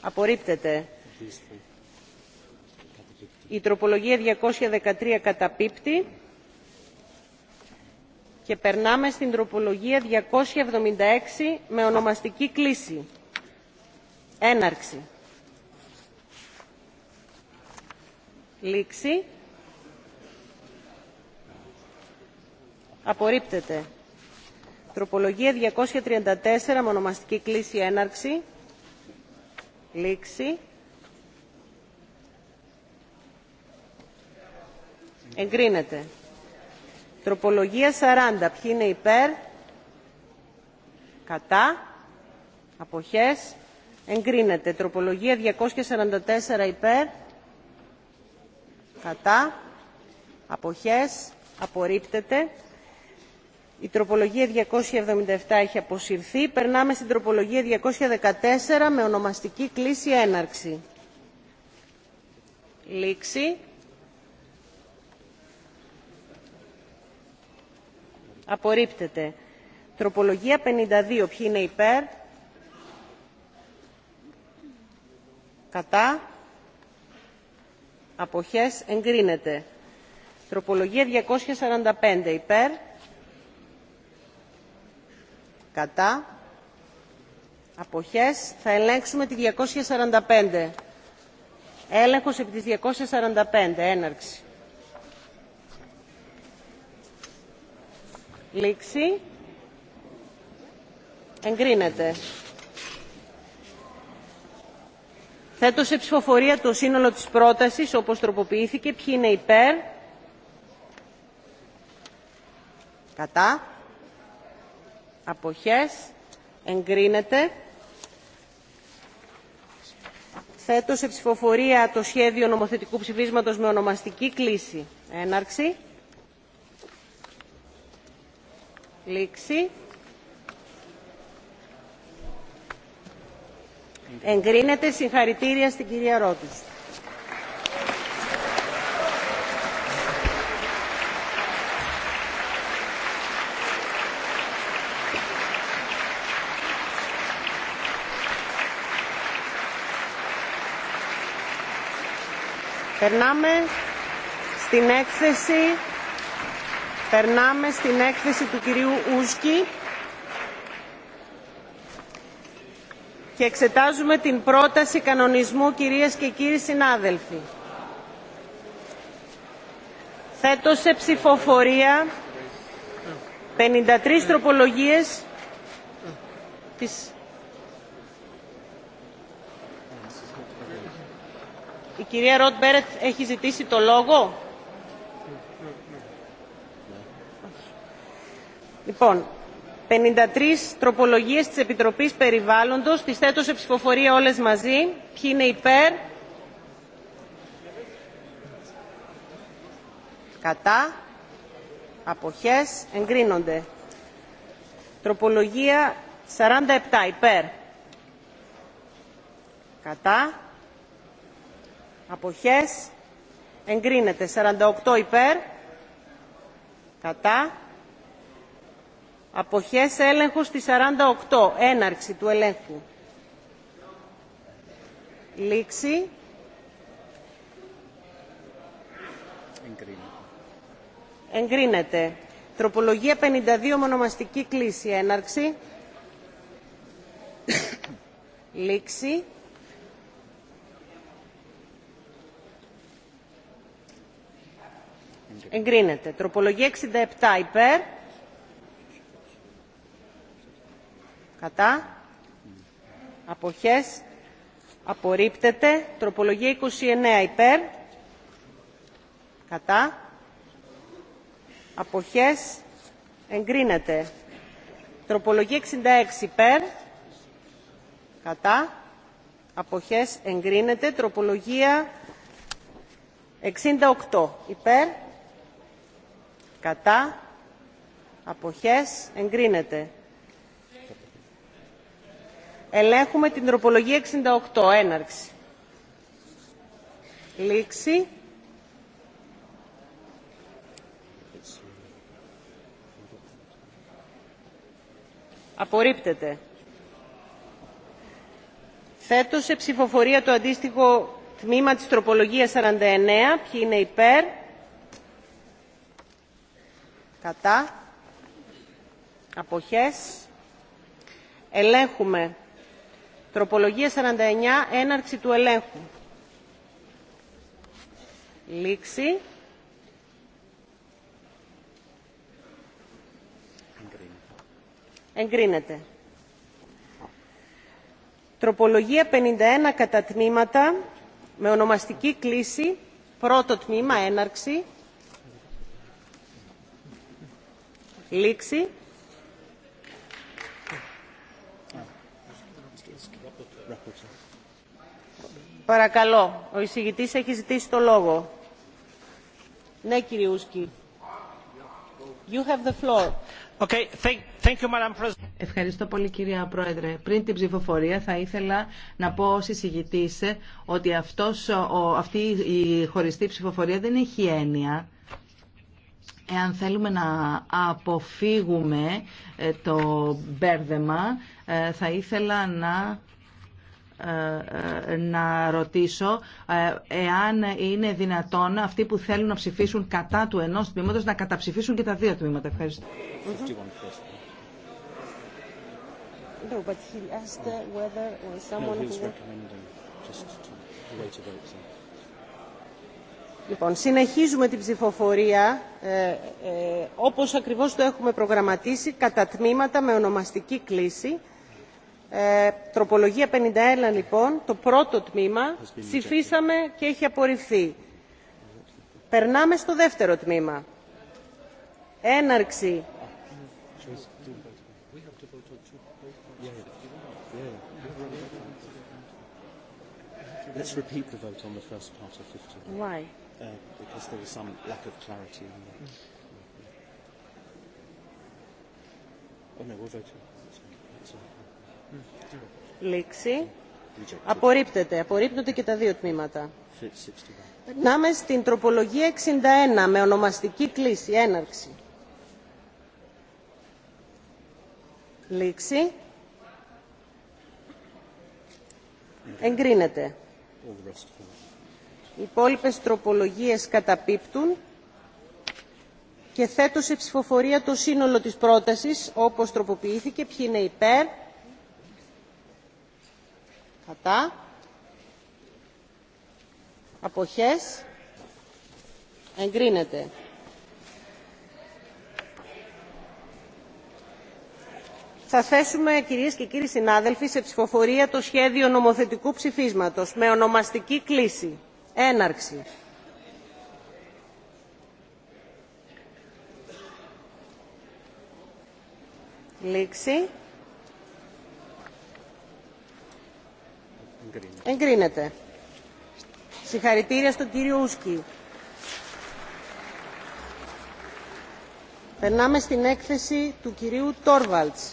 απορρίπτεται η τροπολογία 213 καταπίπτει και περνάμε στην τροπολογία 276 με ονομαστική κλίση. Έναρξη. Λήξη. Απορρίπτεται. Τροπολογία 234 με ονομαστική κλίση. Έναρξη. Λήξη. Εγκρίνεται. Τροπολογία 40. Ποιοι είναι υπέρ. Κατά. Αποχές. Εγκρίνεται. Τροπολογία 244 υπέρ. Κατά. Αποχές. Απορρίπτεται. Η τροπολογία 277 έχει αποσυρθεί. Περνάμε στην τροπολογία 214 με ονομαστική κλίση έναρξη. Λήξη. απορρίπτεται τροπολογία 52 ποιοι είναι υπέρ κατά αποχές εγκρίνεται τροπολογία 245 υπέρ κατά αποχές θα ελέγξουμε τη 245 έλεγχος επί της 245 έναρξη Λήξη. Εγκρίνεται. Θέτω σε ψηφοφορία το σύνολο της πρότασης όπως τροποποιήθηκε. Ποιοι είναι υπέρ. Κατά. Αποχές. Εγκρίνεται. Θέτω σε ψηφοφορία το σχέδιο νομοθετικού ψηφίσματος με ονομαστική κλίση. Έναρξη. Εγκρίνεται συγχαρητήρια στην κυρία Ρώτης. Περνάμε στην έκθεση Περνάμε στην έκθεση του κυρίου Ούσκη και εξετάζουμε την πρόταση κανονισμού, κυρίες και κύριοι συνάδελφοι. Θέτω σε ψηφοφορία 53 τροπολογίες της... Η κυρία Ροτ Μπέρετ έχει ζητήσει το λόγο. Λοιπόν, 53 τροπολογίες της Επιτροπής Περιβάλλοντος. Τις θέτω σε ψηφοφορία όλες μαζί. Ποιοι είναι υπέρ. Κατά. Αποχές. Εγκρίνονται. Τροπολογία 47 υπέρ. Κατά. Αποχές. Εγκρίνεται. 48 υπέρ. Κατά. Αποχές έλεγχος στη 48. Έναρξη του ελέγχου. Λήξη. Εγκρίνεται. Τροπολογία 52 μονομαστική κλίση. Έναρξη. Λήξη. Εγκρίνεται. Τροπολογία 67 υπέρ κατά αποχές απορρίπτεται τροπολογία 29 υπέρ κατά αποχές εγκρίνεται τροπολογία 66 υπέρ κατά αποχές εγκρίνεται τροπολογία 68 υπέρ κατά αποχές εγκρίνεται Ελέγχουμε την τροπολογία 68. Έναρξη. Λήξη. Απορρίπτεται. Θέτω σε ψηφοφορία το αντίστοιχο τμήμα της τροπολογίας 49. Ποιοι είναι υπέρ. Κατά. Αποχές. Ελέγχουμε Τροπολογία 49. Έναρξη του ελέγχου. Λήξη. Εγκρίνεται. Τροπολογία 51 κατά τμήματα με ονομαστική κλίση. Πρώτο τμήμα. Έναρξη. Λήξη. Παρακαλώ, ο εισηγητής έχει ζητήσει το λόγο. Ναι, κύριε Ουσκη. Ευχαριστώ πολύ κυρία Πρόεδρε. Πριν την ψηφοφορία θα ήθελα να πω ως εισηγητής ότι αυτός, ο, αυτή η χωριστή ψηφοφορία δεν έχει έννοια εάν θέλουμε να αποφύγουμε ε, το μπέρδεμα ε, θα ήθελα να να ρωτήσω ε, εάν είναι δυνατόν αυτοί που θέλουν να ψηφίσουν κατά του ενός τμήματος να καταψηφίσουν και τα δύο τμήματα. Ευχαριστώ. Uh, λοιπόν, συνεχίζουμε την ψηφοφορία ε, ε, όπως ακριβώς το έχουμε προγραμματίσει κατά τμήματα με ονομαστική κλίση. Ε, τροπολογία 51 λοιπόν, το πρώτο τμήμα, ψηφίσαμε και έχει απορριφθεί. Περνάμε στο δεύτερο τμήμα. Έναρξη. Let's repeat the vote on the first part of 15. Why? Uh, because there was some lack of clarity on the... Oh no, we're voting. Λήξη. Απορρίπτεται. Απορρίπτονται και τα δύο τμήματα. Περνάμε στην τροπολογία 61 με ονομαστική κλίση. Έναρξη. Λήξη. Εγκρίνεται. Οι υπόλοιπε τροπολογίες καταπίπτουν και θέτω σε ψηφοφορία το σύνολο της πρότασης όπως τροποποιήθηκε. Ποιοι είναι υπέρ, κατά αποχές εγκρίνεται θα θέσουμε κυρίες και κύριοι συνάδελφοι σε ψηφοφορία το σχέδιο νομοθετικού ψηφίσματος με ονομαστική κλίση έναρξη λήξη Εγκρίνεται. Συγχαρητήρια στον κύριο Ούσκι. Περνάμε στην έκθεση του κυρίου Τόρβαλτς.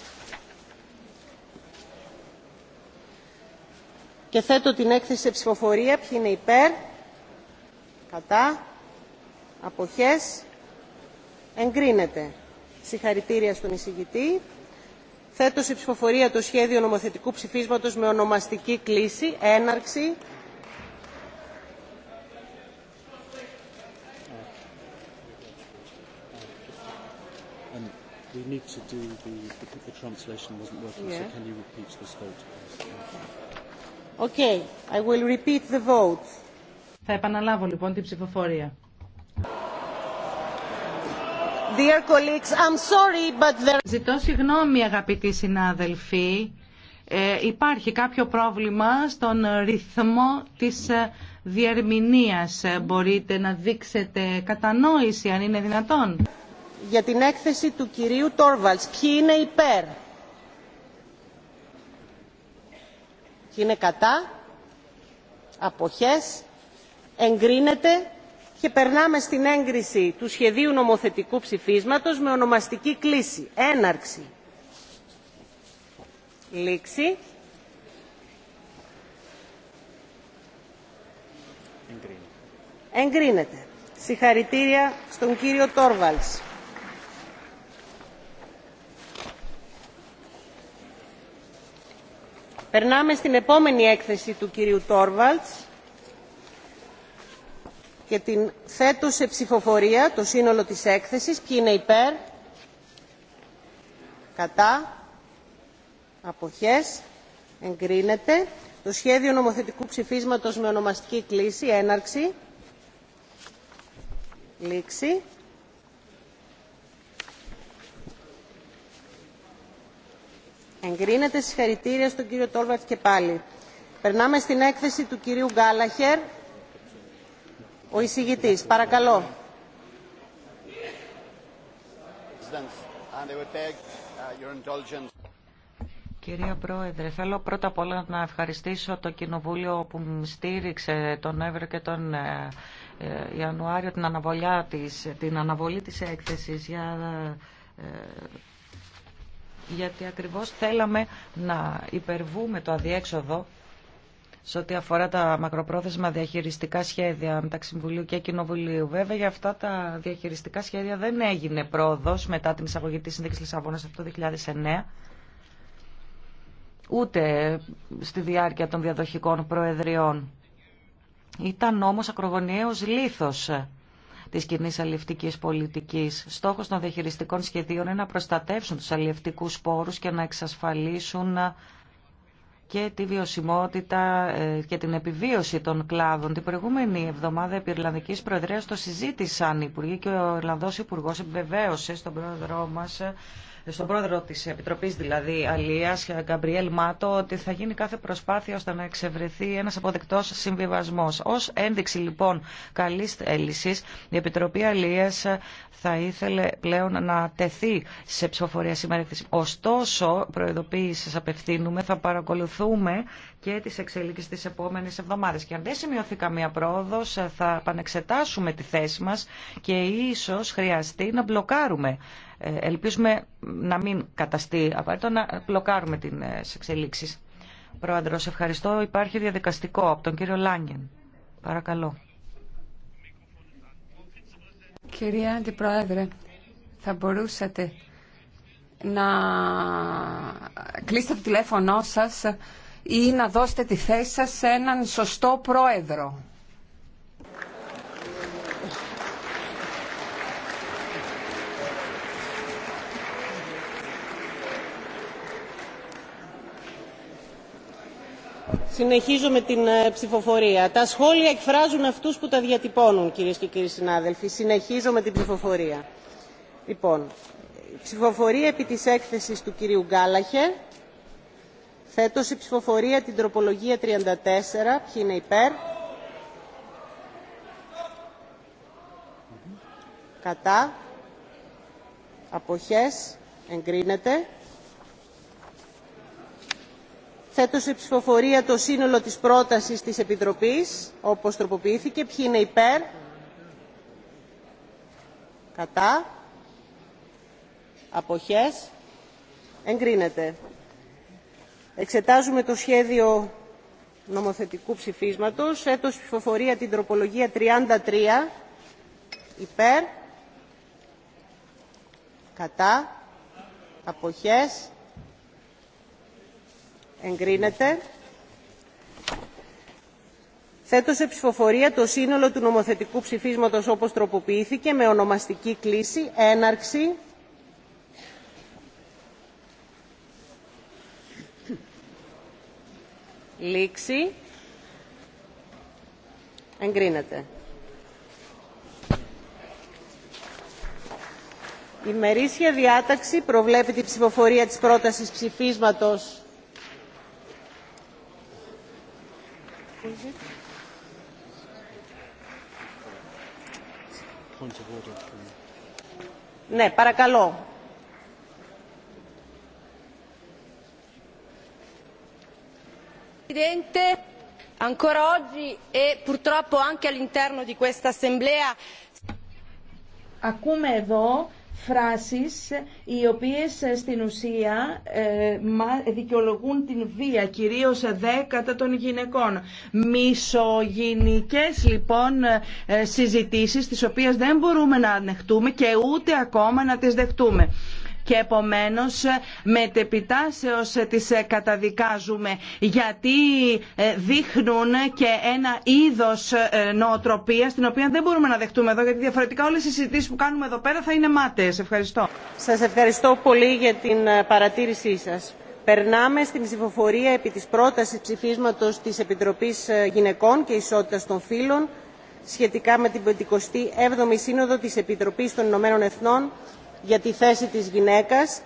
Και θέτω την έκθεση σε ψηφοφορία. Ποιοι είναι υπέρ, κατά, αποχές, εγκρίνεται. Συγχαρητήρια στον εισηγητή θέτω σε ψηφοφορία το σχέδιο νομοθετικού ψηφίσματος με ονομαστική κλίση έναρξη Θα επαναλάβω λοιπόν την ψηφοφορία. Dear colleagues, I'm Ζητώ συγγνώμη αγαπητοί συνάδελφοι. Ε, υπάρχει κάποιο πρόβλημα στον ρυθμό της ε, διερμηνίας. Ε, μπορείτε να δείξετε κατανόηση αν είναι δυνατόν. Για την έκθεση του κυρίου Τόρβαλτς, ποιοι είναι υπέρ. Ποιοι είναι κατά. Αποχές. Εγκρίνεται και περνάμε στην έγκριση του σχεδίου νομοθετικού ψηφίσματος με ονομαστική κλίση. Έναρξη. Λήξη. Εγκρίνεται. Συγχαρητήρια στον κύριο Τόρβαλς. Περνάμε στην επόμενη έκθεση του κύριου Τόρβαλτς και την θέτω σε ψηφοφορία το σύνολο της έκθεσης. Ποιοι είναι υπέρ, κατά, αποχές, εγκρίνεται. Το σχέδιο νομοθετικού ψηφίσματος με ονομαστική κλίση, έναρξη, λήξη. Εγκρίνεται συγχαρητήρια στον κύριο Τόλβαρτ και πάλι. Περνάμε στην έκθεση του κυρίου Γκάλαχερ ο εισηγητής, παρακαλώ. Κυρία Πρόεδρε, θέλω πρώτα απ' όλα να ευχαριστήσω το Κοινοβούλιο που στήριξε τον Εύρο και τον ε, ε, Ιανουάριο την, αναβολιά της, την αναβολή της έκθεσης για ε, γιατί ακριβώς θέλαμε να υπερβούμε το αδιέξοδο σε ό,τι αφορά τα μακροπρόθεσμα διαχειριστικά σχέδια μεταξύ Συμβουλίου και Κοινοβουλίου. Βέβαια, για αυτά τα διαχειριστικά σχέδια δεν έγινε πρόοδο μετά την εισαγωγή τη Σύνδεξη Λισαβόνα από το 2009 ούτε στη διάρκεια των διαδοχικών προεδριών. Ήταν όμως ακρογωνιαίος λήθος της κοινή αλληλευτικής πολιτικής. Στόχος των διαχειριστικών σχεδίων είναι να προστατεύσουν τους αλληλευτικούς πόρους και να εξασφαλίσουν και τη βιωσιμότητα ε, και την επιβίωση των κλάδων. Την προηγούμενη εβδομάδα επί Ιρλανδικής Προεδρίας το συζήτησαν οι Υπουργοί και ο Ιρλανδός Υπουργός επιβεβαίωσε στον πρόεδρό μας στον πρόεδρο της Επιτροπής δηλαδή Αλίας, Γκαμπριέλ Μάτο, ότι θα γίνει κάθε προσπάθεια ώστε να εξευρεθεί ένας αποδεκτός συμβιβασμός. Ως ένδειξη λοιπόν καλής έλυσης, η Επιτροπή Αλίας θα ήθελε πλέον να τεθεί σε ψηφοφορία σήμερα. Ωστόσο, προειδοποίηση σας απευθύνουμε, θα παρακολουθούμε και τις εξελίξεις τις επόμενες εβδομάδες. Και αν δεν σημειωθεί καμία πρόοδος, θα επανεξετάσουμε τη θέση μας και ίσως χρειαστεί να μπλοκάρουμε ε, ελπίζουμε να μην καταστεί απαραίτητο να μπλοκάρουμε ε, τι εξελίξει. Πρόεδρο, ευχαριστώ. Υπάρχει διαδικαστικό από τον κύριο Λάγκεν. Παρακαλώ. Κυρία Αντιπρόεδρε, θα μπορούσατε να κλείσετε το τηλέφωνό σας ή να δώσετε τη θέση σας σε έναν σωστό πρόεδρο. Συνεχίζω με την ε, ψηφοφορία. Τα σχόλια εκφράζουν αυτούς που τα διατυπώνουν, κυρίες και κύριοι συνάδελφοι. Συνεχίζω με την ψηφοφορία. Λοιπόν, ψηφοφορία επί της έκθεσης του κυρίου Γκάλαχε. Θέτω σε ψηφοφορία την τροπολογία 34. Ποιοι είναι υπέρ. Κατά. Αποχές. Εγκρίνεται. Θέτω σε ψηφοφορία το σύνολο της πρότασης της Επιτροπής, όπως τροποποιήθηκε. Ποιοι είναι υπέρ. Κατά. Αποχές. Εγκρίνεται. Εξετάζουμε το σχέδιο νομοθετικού ψηφίσματος. Θέτω σε ψηφοφορία την τροπολογία 33. Υπέρ. Κατά. Αποχές εγκρίνεται. Θέτω σε ψηφοφορία το σύνολο του νομοθετικού ψηφίσματος όπως τροποποιήθηκε με ονομαστική κλίση έναρξη. Λήξη. Εγκρίνεται. Η μερίσια διάταξη προβλέπει την ψηφοφορία της πρότασης ψηφίσματος Ναι, παρακαλώ. Presidente, ancora oggi e purtroppo anche all'interno di questa Assemblea. Ακούμε εδώ φράσεις οι οποίες ε, στην ουσία ε, δικαιολογούν την βία, κυρίως δέκατα των γυναικών. Μισογυνικές λοιπόν ε, συζητήσεις τις οποίες δεν μπορούμε να ανεχτούμε και ούτε ακόμα να τις δεχτούμε και επομένως μετεπιτάσεως ε, τις ε, καταδικάζουμε γιατί ε, δείχνουν και ένα είδος νοοτροπίας την οποία δεν μπορούμε να δεχτούμε εδώ γιατί διαφορετικά όλες οι συζητήσεις που κάνουμε εδώ πέρα θα είναι μάταιες. Ευχαριστώ. Σας ευχαριστώ πολύ για την παρατήρησή σας. Περνάμε στην ψηφοφορία επί της πρότασης ψηφίσματος της Επιτροπής Γυναικών και Ισότητας των Φύλων σχετικά με την 57η Σύνοδο της Επιτροπής των Ηνωμένων Εθνών για τη θέση της γυναίκας,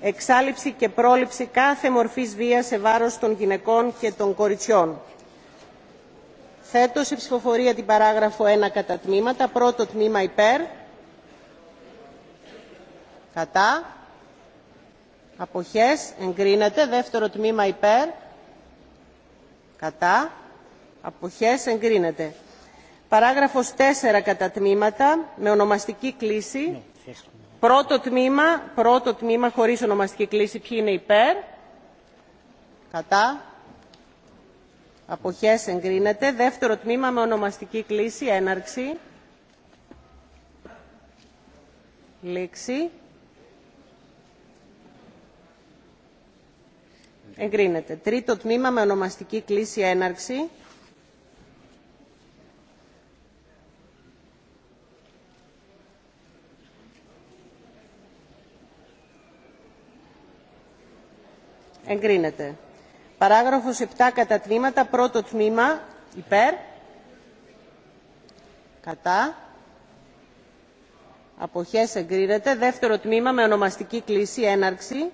εξάλληψη και πρόληψη κάθε μορφής βίας σε βάρος των γυναικών και των κοριτσιών. Θέτω σε ψηφοφορία την παράγραφο 1 κατά τμήματα. Πρώτο τμήμα υπέρ. Κατά. Αποχές. Εγκρίνεται. Δεύτερο τμήμα υπέρ. Κατά. Αποχές. Εγκρίνεται. Παράγραφος 4 κατά τμήματα με ονομαστική κλίση. Ναι. Πρώτο τμήμα, πρώτο τμήμα χωρίς ονομαστική κλίση. Ποιοι είναι υπέρ. Κατά. Αποχές εγκρίνεται. Δεύτερο τμήμα με ονομαστική κλίση. Έναρξη. Λήξη. Εγκρίνεται. Τρίτο τμήμα με ονομαστική κλίση. Έναρξη. εγκρίνεται. Παράγραφος 7 κατά τμήματα, πρώτο τμήμα, υπέρ, κατά, αποχές εγκρίνεται, δεύτερο τμήμα με ονομαστική κλίση, έναρξη,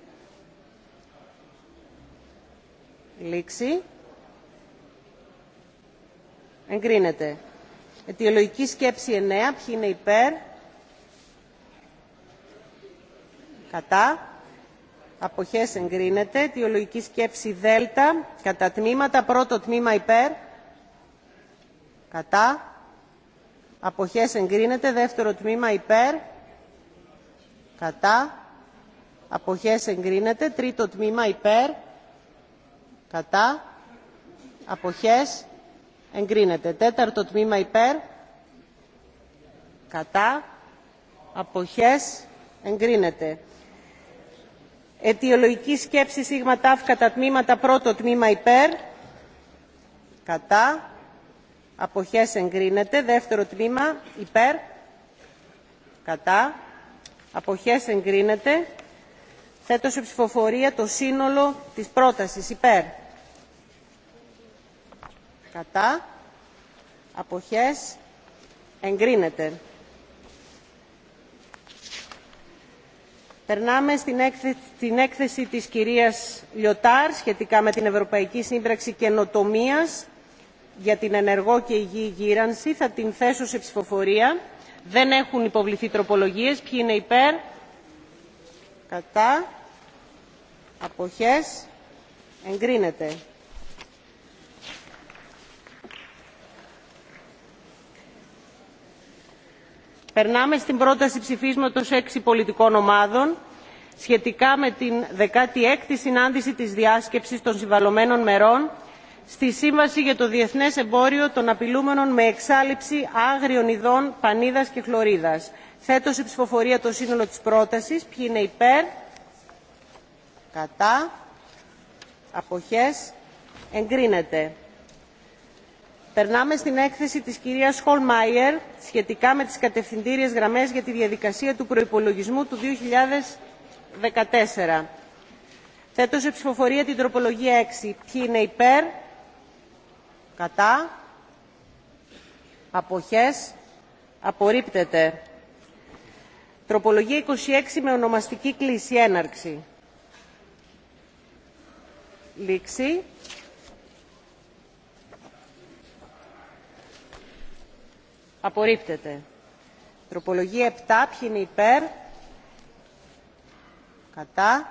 λήξη, εγκρίνεται. Αιτιολογική σκέψη 9, ποιοι είναι υπέρ, κατά, αποχές εγκρίνεται αιτιολογική σκέψη δέλτα κατά τμήματα πρώτο τμήμα υπέρ κατά αποχές εγκρίνεται δεύτερο τμήμα υπέρ κατά αποχές εγκρίνεται τρίτο τμήμα υπέρ κατά αποχές εγκρίνεται τέταρτο τμήμα υπέρ κατά αποχές εγκρίνεται αιτιολογική σκέψη σίγμα τάφ κατά τμήματα πρώτο τμήμα υπέρ κατά αποχές εγκρίνεται δεύτερο τμήμα υπέρ κατά αποχές εγκρίνεται θέτω σε ψηφοφορία το σύνολο της πρότασης υπέρ κατά αποχές εγκρίνεται Περνάμε στην έκθεση, της κυρίας Λιωτάρ σχετικά με την Ευρωπαϊκή Σύμπραξη καινοτομία για την ενεργό και υγιή γύρανση. Θα την θέσω σε ψηφοφορία. Δεν έχουν υποβληθεί τροπολογίες. Ποιοι είναι υπέρ. Κατά. Αποχές. Εγκρίνεται. Περνάμε στην πρόταση ψηφίσματος έξι πολιτικών ομάδων σχετικά με την 16η συνάντηση της διάσκεψης των συμβαλωμένων μερών στη Σύμβαση για το Διεθνές Εμπόριο των Απειλούμενων με Εξάλληψη Άγριων Ιδών, Πανίδας και Χλωρίδας. Θέτω σε ψηφοφορία το σύνολο της πρότασης. Ποιοι είναι υπέρ, κατά, αποχές, εγκρίνεται. Περνάμε στην έκθεση της κυρίας Χολμάιερ σχετικά με τις κατευθυντήριες γραμμές για τη διαδικασία του προϋπολογισμού του 2014. Θέτω σε ψηφοφορία την τροπολογία 6. Ποιοι είναι υπέρ, κατά, αποχές, απορρίπτεται. Τροπολογία 26 με ονομαστική κλίση, έναρξη. Λήξη. απορρίπτεται. Τροπολογία 7. Ποιοι είναι υπέρ. Κατά.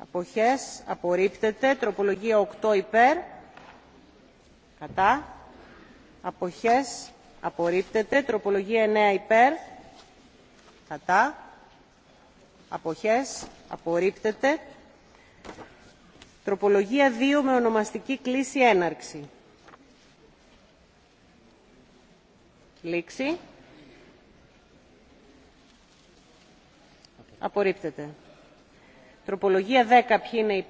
Αποχές. Απορρίπτεται. Τροπολογία 8. Υπέρ. Κατά. Αποχές. Απορρίπτεται. Τροπολογία 9. Υπέρ. Κατά. Αποχές. Απορρίπτεται. Τροπολογία 2 με ονομαστική κλίση έναρξη. Λήξη. Απορρίπτεται. Τροπολογία 10. Ποιοι είναι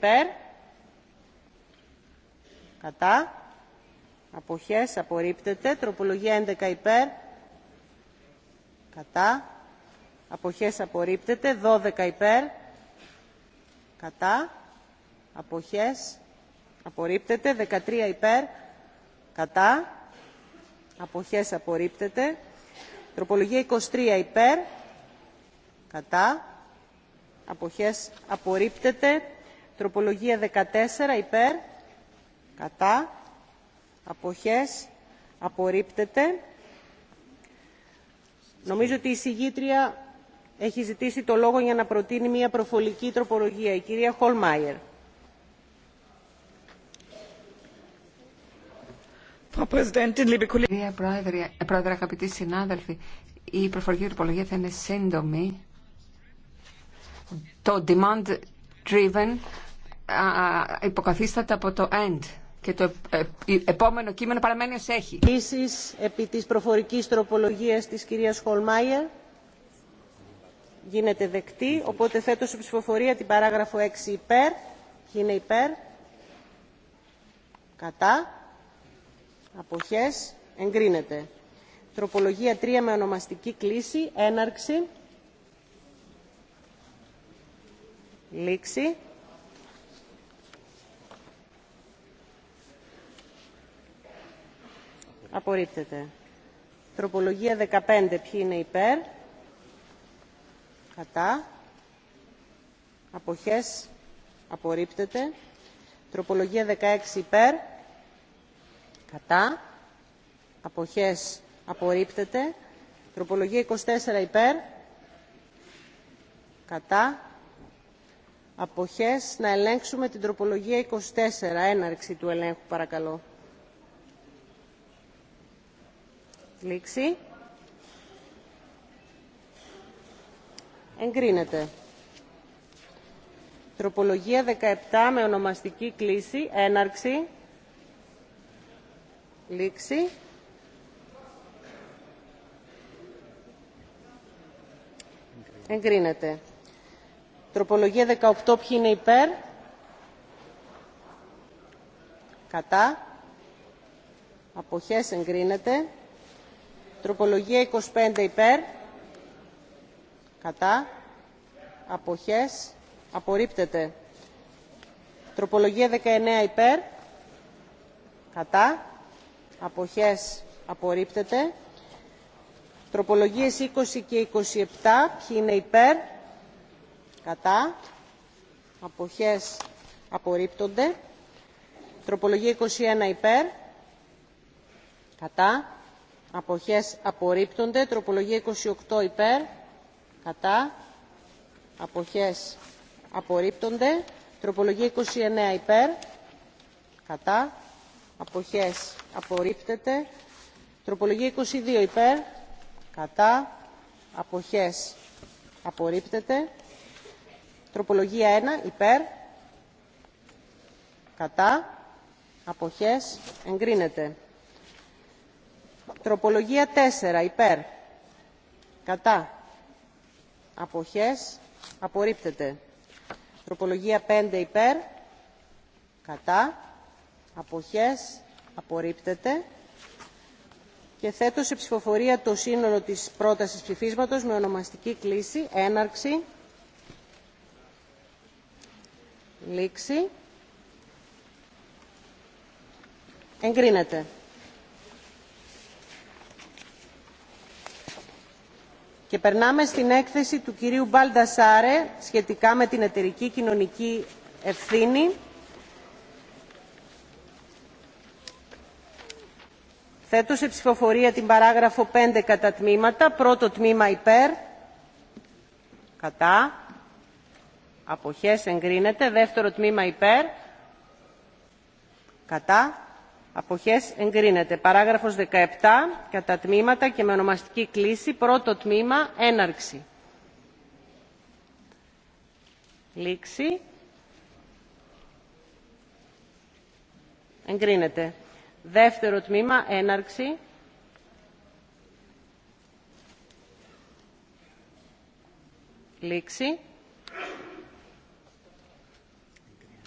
Κατά. Αποχές. Απορρίπτεται. Τροπολογία 11. Υπέρ. Κατά. Αποχές. Απορρίπτεται. 12. Υπέρ. Κατά. Αποχές. Απορρίπτεται. 13. Υπέρ. Κατά αποχές απορρίπτεται τροπολογία 23 υπέρ κατά αποχές απορρίπτεται τροπολογία 14 υπέρ κατά αποχές απορρίπτεται νομίζω ότι η συγγήτρια έχει ζητήσει το λόγο για να προτείνει μια προφορική τροπολογία η κυρία Χολμάιερ Κυρία ε, Πρόεδρε, αγαπητοί συνάδελφοι, η προφορική τροπολογία θα είναι σύντομη. Το demand driven υποκαθίσταται από το end και το ε, επόμενο κείμενο παραμένει ως έχει. Επίσης, επί της προφορικής τροπολογίας της κυρίας Χολμάιερ γίνεται δεκτή, οπότε θέτω σε ψηφοφορία την παράγραφο 6 υπέρ. Είναι υπέρ. Κατά αποχές εγκρίνεται τροπολογία 3 με ονομαστική κλίση έναρξη λήξη απορρίπτεται τροπολογία 15 ποιοι είναι υπέρ κατά αποχές απορρίπτεται τροπολογία 16 υπέρ κατά αποχές απορρίπτεται τροπολογία 24 υπέρ κατά αποχές να ελέγξουμε την τροπολογία 24 έναρξη του ελέγχου παρακαλώ λήξη εγκρίνεται τροπολογία 17 με ονομαστική κλίση έναρξη λήξη. Εγκρίνεται. Τροπολογία 18. Ποιοι είναι υπέρ. Κατά. Αποχές εγκρίνεται. Τροπολογία 25 υπέρ. Κατά. Αποχές. Απορρίπτεται. Τροπολογία 19 υπέρ. Κατά αποχές απορρίπτεται τροπολογίες 20 και 27 ποιοι είναι υπέρ κατά αποχές απορρίπτονται τροπολογία 21 υπέρ κατά αποχές απορρίπτονται τροπολογία 28 υπέρ κατά αποχές απορρίπτονται τροπολογία 29 υπέρ κατά αποχές απορρίπτεται τροπολογία 22 υπέρ κατά αποχές απορρίπτεται τροπολογία 1 υπέρ κατά αποχές εγκρίνεται τροπολογία 4 υπέρ κατά αποχές απορρίπτεται τροπολογία 5 υπέρ κατά αποχές απορρίπτεται και θέτω σε ψηφοφορία το σύνολο της πρότασης ψηφίσματος με ονομαστική κλίση έναρξη λήξη εγκρίνεται και περνάμε στην έκθεση του κυρίου Μπαλντασάρε σχετικά με την εταιρική κοινωνική ευθύνη Θέτω σε ψηφοφορία την παράγραφο 5 κατά τμήματα. Πρώτο τμήμα υπέρ. Κατά. Αποχές εγκρίνεται. Δεύτερο τμήμα υπέρ. Κατά. Αποχές εγκρίνεται. Παράγραφος 17 κατά τμήματα και με ονομαστική κλίση. Πρώτο τμήμα έναρξη. Λήξη. Εγκρίνεται. Δεύτερο τμήμα, έναρξη. Λήξη.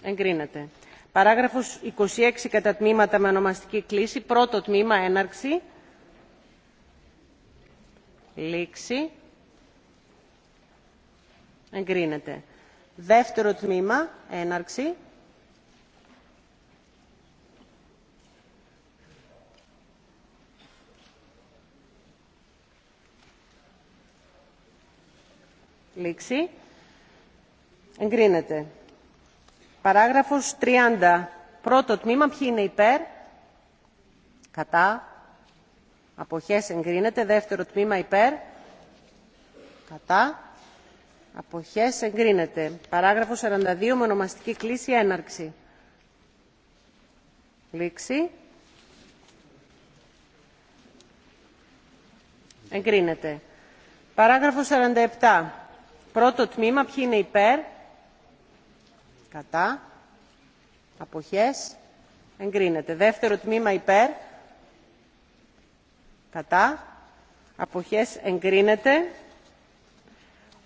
Εγκρίνεται. Παράγραφος 26 κατά τμήματα με ονομαστική κλίση. Πρώτο τμήμα, έναρξη. Λήξη. Εγκρίνεται. Δεύτερο τμήμα, έναρξη. λήξη. Εγκρίνεται. Παράγραφος 30. Πρώτο τμήμα. Ποιοι είναι υπέρ. Κατά. Αποχές εγκρίνεται. Δεύτερο τμήμα υπέρ. Κατά. Αποχές εγκρίνεται. Παράγραφος 42. Μονομαστική κλίση. Έναρξη. Λήξη. Εγκρίνεται. Παράγραφος 47 Πρώτο τμήμα, ποιοι είναι υπέρ, κατά, αποχές, εγκρίνεται. Δεύτερο τμήμα υπέρ, κατά, αποχές, εγκρίνεται.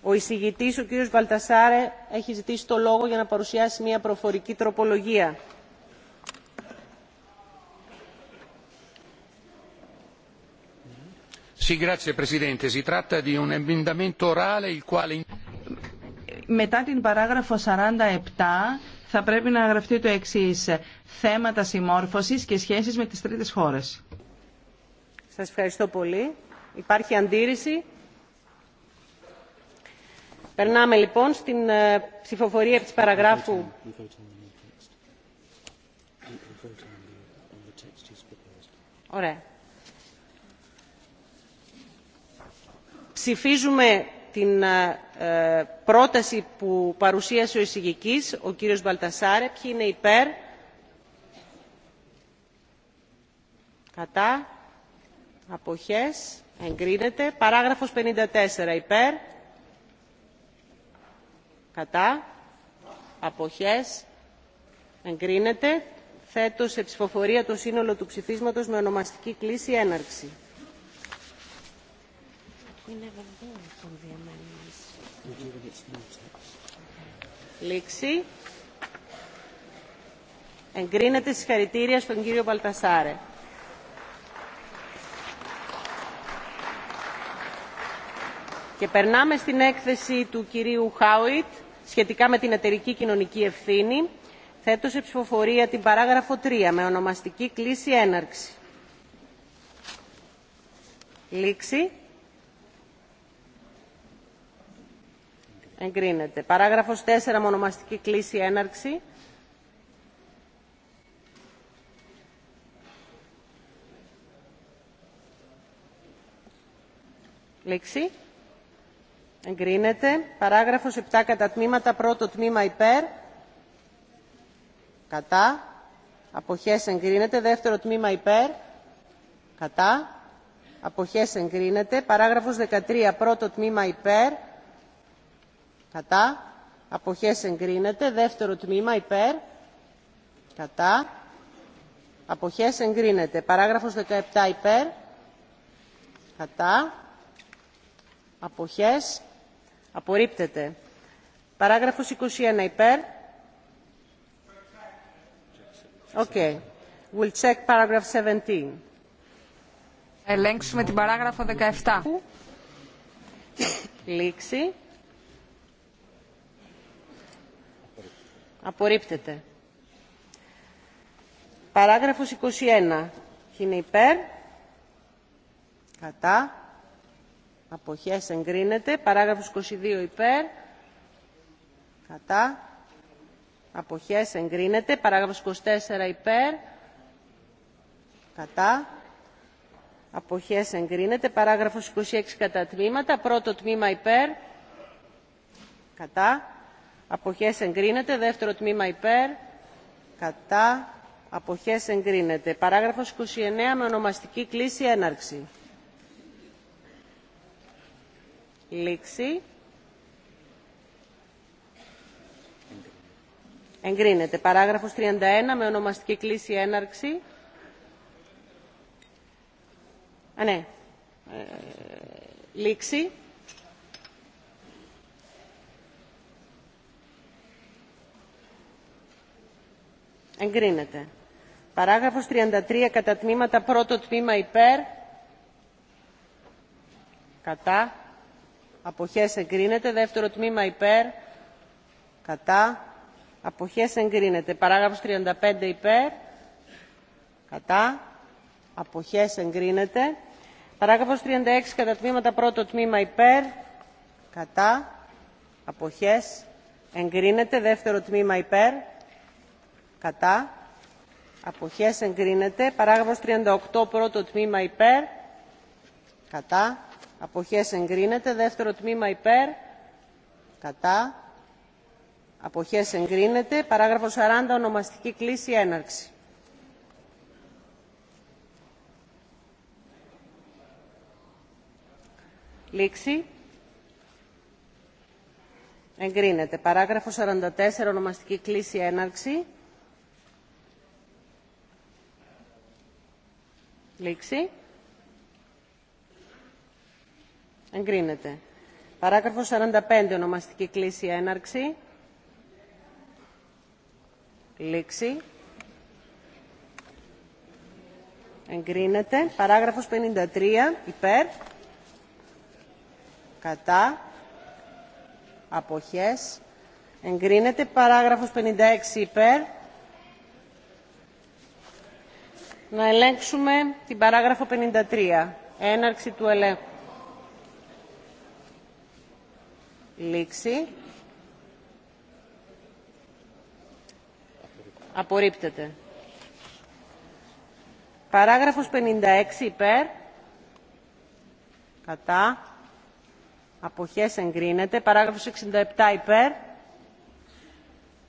Ο εισηγητής, ο κ. Βαλτασάρε, έχει ζητήσει το λόγο για να παρουσιάσει μια προφορική τροπολογία. Μετά την παράγραφο 47 θα πρέπει να γραφτεί το εξή Θέματα συμμόρφωσης και σχέσει με τι τρίτες χώρε. Σας ευχαριστώ πολύ. Υπάρχει αντίρρηση. Περνάμε λοιπόν στην ε, ψηφοφορία τη παραγράφου. Ωραία. ψηφίζουμε την ε, ε, πρόταση που παρουσίασε ο εισηγητής ο κύριος Μπαλτασάρε. Ποιοι είναι υπέρ. Κατά. Αποχές. Εγκρίνεται. Παράγραφος 54. Υπέρ. Κατά. Αποχές. Εγκρίνεται. Θέτω σε ψηφοφορία το σύνολο του ψηφίσματος με ονομαστική κλίση έναρξη. Λήξη. Εγκρίνεται συγχαρητήρια στον κύριο Παλτασάρε. Και περνάμε στην έκθεση του κυρίου Χάουιτ σχετικά με την εταιρική κοινωνική ευθύνη. Θέτω σε ψηφοφορία την παράγραφο 3 με ονομαστική κλίση έναρξη. Λήξη. Εγκρίνεται. Παράγραφος 4. Μονομαστική κλίση έναρξη. Λήξη. Εγκρίνεται. Παράγραφος 7. Κατά τμήματα. Πρώτο τμήμα υπέρ. Κατά. Αποχές εγκρίνεται. Δεύτερο τμήμα υπέρ. Κατά. Αποχές εγκρίνεται. Παράγραφος 13. Πρώτο τμήμα υπέρ κατά αποχές εγκρίνεται δεύτερο τμήμα υπέρ κατά αποχές εγκρίνεται παράγραφος 17 υπέρ κατά αποχές απορρίπτεται παράγραφος 21 υπέρ okay. we'll check paragraph 17 ελέγξουμε την παράγραφο 17 λήξη απορρίπτεται παράγραφος 21 είναι υπέρ κατά αποχές εγκρίνεται παράγραφος 22 υπέρ κατά αποχές εγκρίνεται παράγραφος 24 υπέρ κατά αποχές εγκρίνεται παράγραφος 26 κατά τμήματα πρώτο τμήμα υπέρ κατά αποχές εγκρίνεται δεύτερο τμήμα υπέρ κατά αποχές εγκρίνεται παράγραφος 29 με ονομαστική κλίση έναρξη λήξη εγκρίνεται παράγραφος 31 με ονομαστική κλίση έναρξη Α, ναι. Ε, λήξη εγκρίνεται. Παράγραφος 33 κατά τμήματα πρώτο τμήμα υπέρ κατά αποχές εγκρίνεται δεύτερο τμήμα υπέρ κατά αποχές εγκρίνεται παράγραφος 35 υπέρ κατά αποχές εγκρίνεται παράγραφος 36 κατά τμήματα πρώτο τμήμα υπέρ κατά αποχές εγκρίνεται δεύτερο τμήμα υπέρ κατά αποχές εγκρίνεται παράγραφος 38 πρώτο τμήμα υπέρ κατά αποχές εγκρίνεται δεύτερο τμήμα υπέρ κατά αποχές εγκρίνεται παράγραφος 40 ονομαστική κλίση έναρξη λήξη εγκρίνεται παράγραφος 44 ονομαστική κλίση έναρξη Λήξη. Εγκρίνεται. Παράγραφος 45. Ονομαστική κλίση έναρξη. Λήξη. Εγκρίνεται. Παράγραφος 53. Υπέρ. Κατά. Αποχές. Εγκρίνεται. Παράγραφος 56. Υπέρ να ελέγξουμε την παράγραφο 53. Έναρξη του ελέγχου. Λήξη. Απορρίπτεται. Παράγραφος 56 υπέρ. Κατά. Αποχές εγκρίνεται. Παράγραφος 67 υπέρ.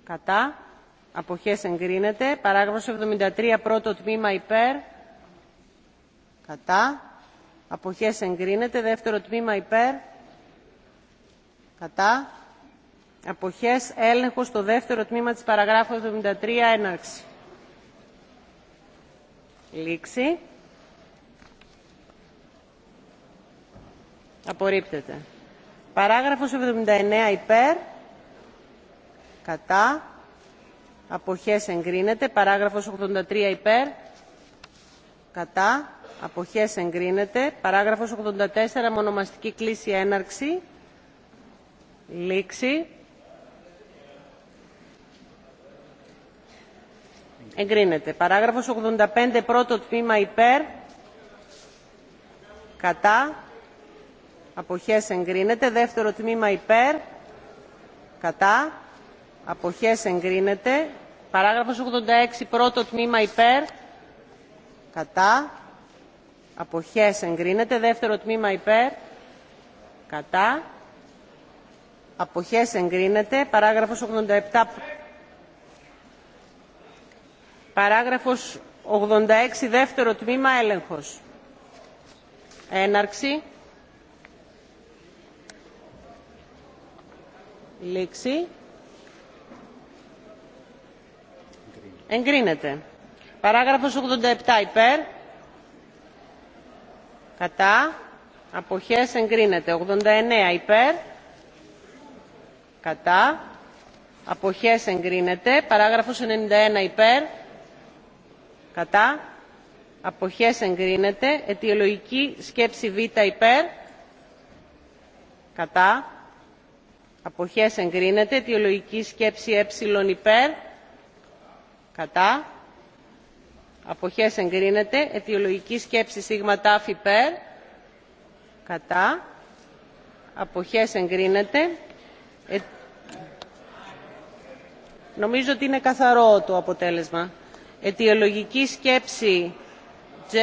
Κατά αποχές εγκρίνεται παράγραφος 73 πρώτο τμήμα υπέρ κατά αποχές εγκρίνεται δεύτερο τμήμα υπέρ κατά αποχές έλεγχος στο δεύτερο τμήμα της παραγράφου 73 έναρξη λήξη απορρίπτεται παράγραφος 79 υπέρ κατά αποχές εγκρίνεται παράγραφος 83 υπέρ κατά αποχές εγκρίνεται παράγραφος 84 μονομαστική κλίση έναρξη λήξη εγκρίνεται παράγραφος 85 πρώτο τμήμα υπέρ κατά αποχές εγκρίνεται δεύτερο τμήμα υπέρ κατά αποχές εγκρίνεται παράγραφος 86 πρώτο τμήμα υπέρ κατά αποχές εγκρίνεται δεύτερο τμήμα υπέρ κατά αποχές εγκρίνεται παράγραφος 87 παράγραφος 86 δεύτερο τμήμα έλεγχος έναρξη λήξη εγκρίνεται. Παράγραφος 87 υπέρ. Κατά. Αποχές εγκρίνεται. 89 υπέρ. Κατά. Αποχές εγκρίνεται. Παράγραφος 91 υπέρ. Κατά. Αποχές εγκρίνεται. Αιτιολογική σκέψη Β υπέρ. Κατά. Αποχές εγκρίνεται. Αιτιολογική σκέψη Ε υπέρ κατά αποχές εγκρίνεται αιτιολογική σκέψη σίγμα τάφ υπέρ κατά αποχές εγκρίνεται ε, νομίζω ότι είναι καθαρό το αποτέλεσμα αιτιολογική σκέψη J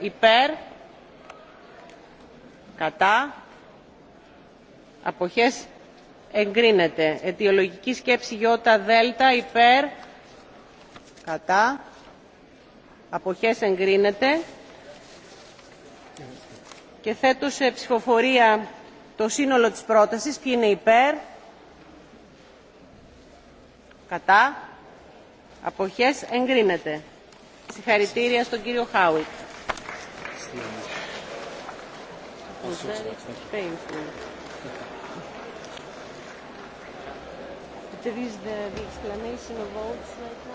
υπέρ κατά αποχές εγκρίνεται αιτιολογική σκέψη Ι, δέλτα υπέρ κατά αποχές εγκρίνεται και θέτω σε ψηφοφορία το σύνολο της πρότασης ποιοι είναι υπέρ κατά αποχές εγκρίνεται συγχαρητήρια στον κύριο Χάουιτ is the, the explanation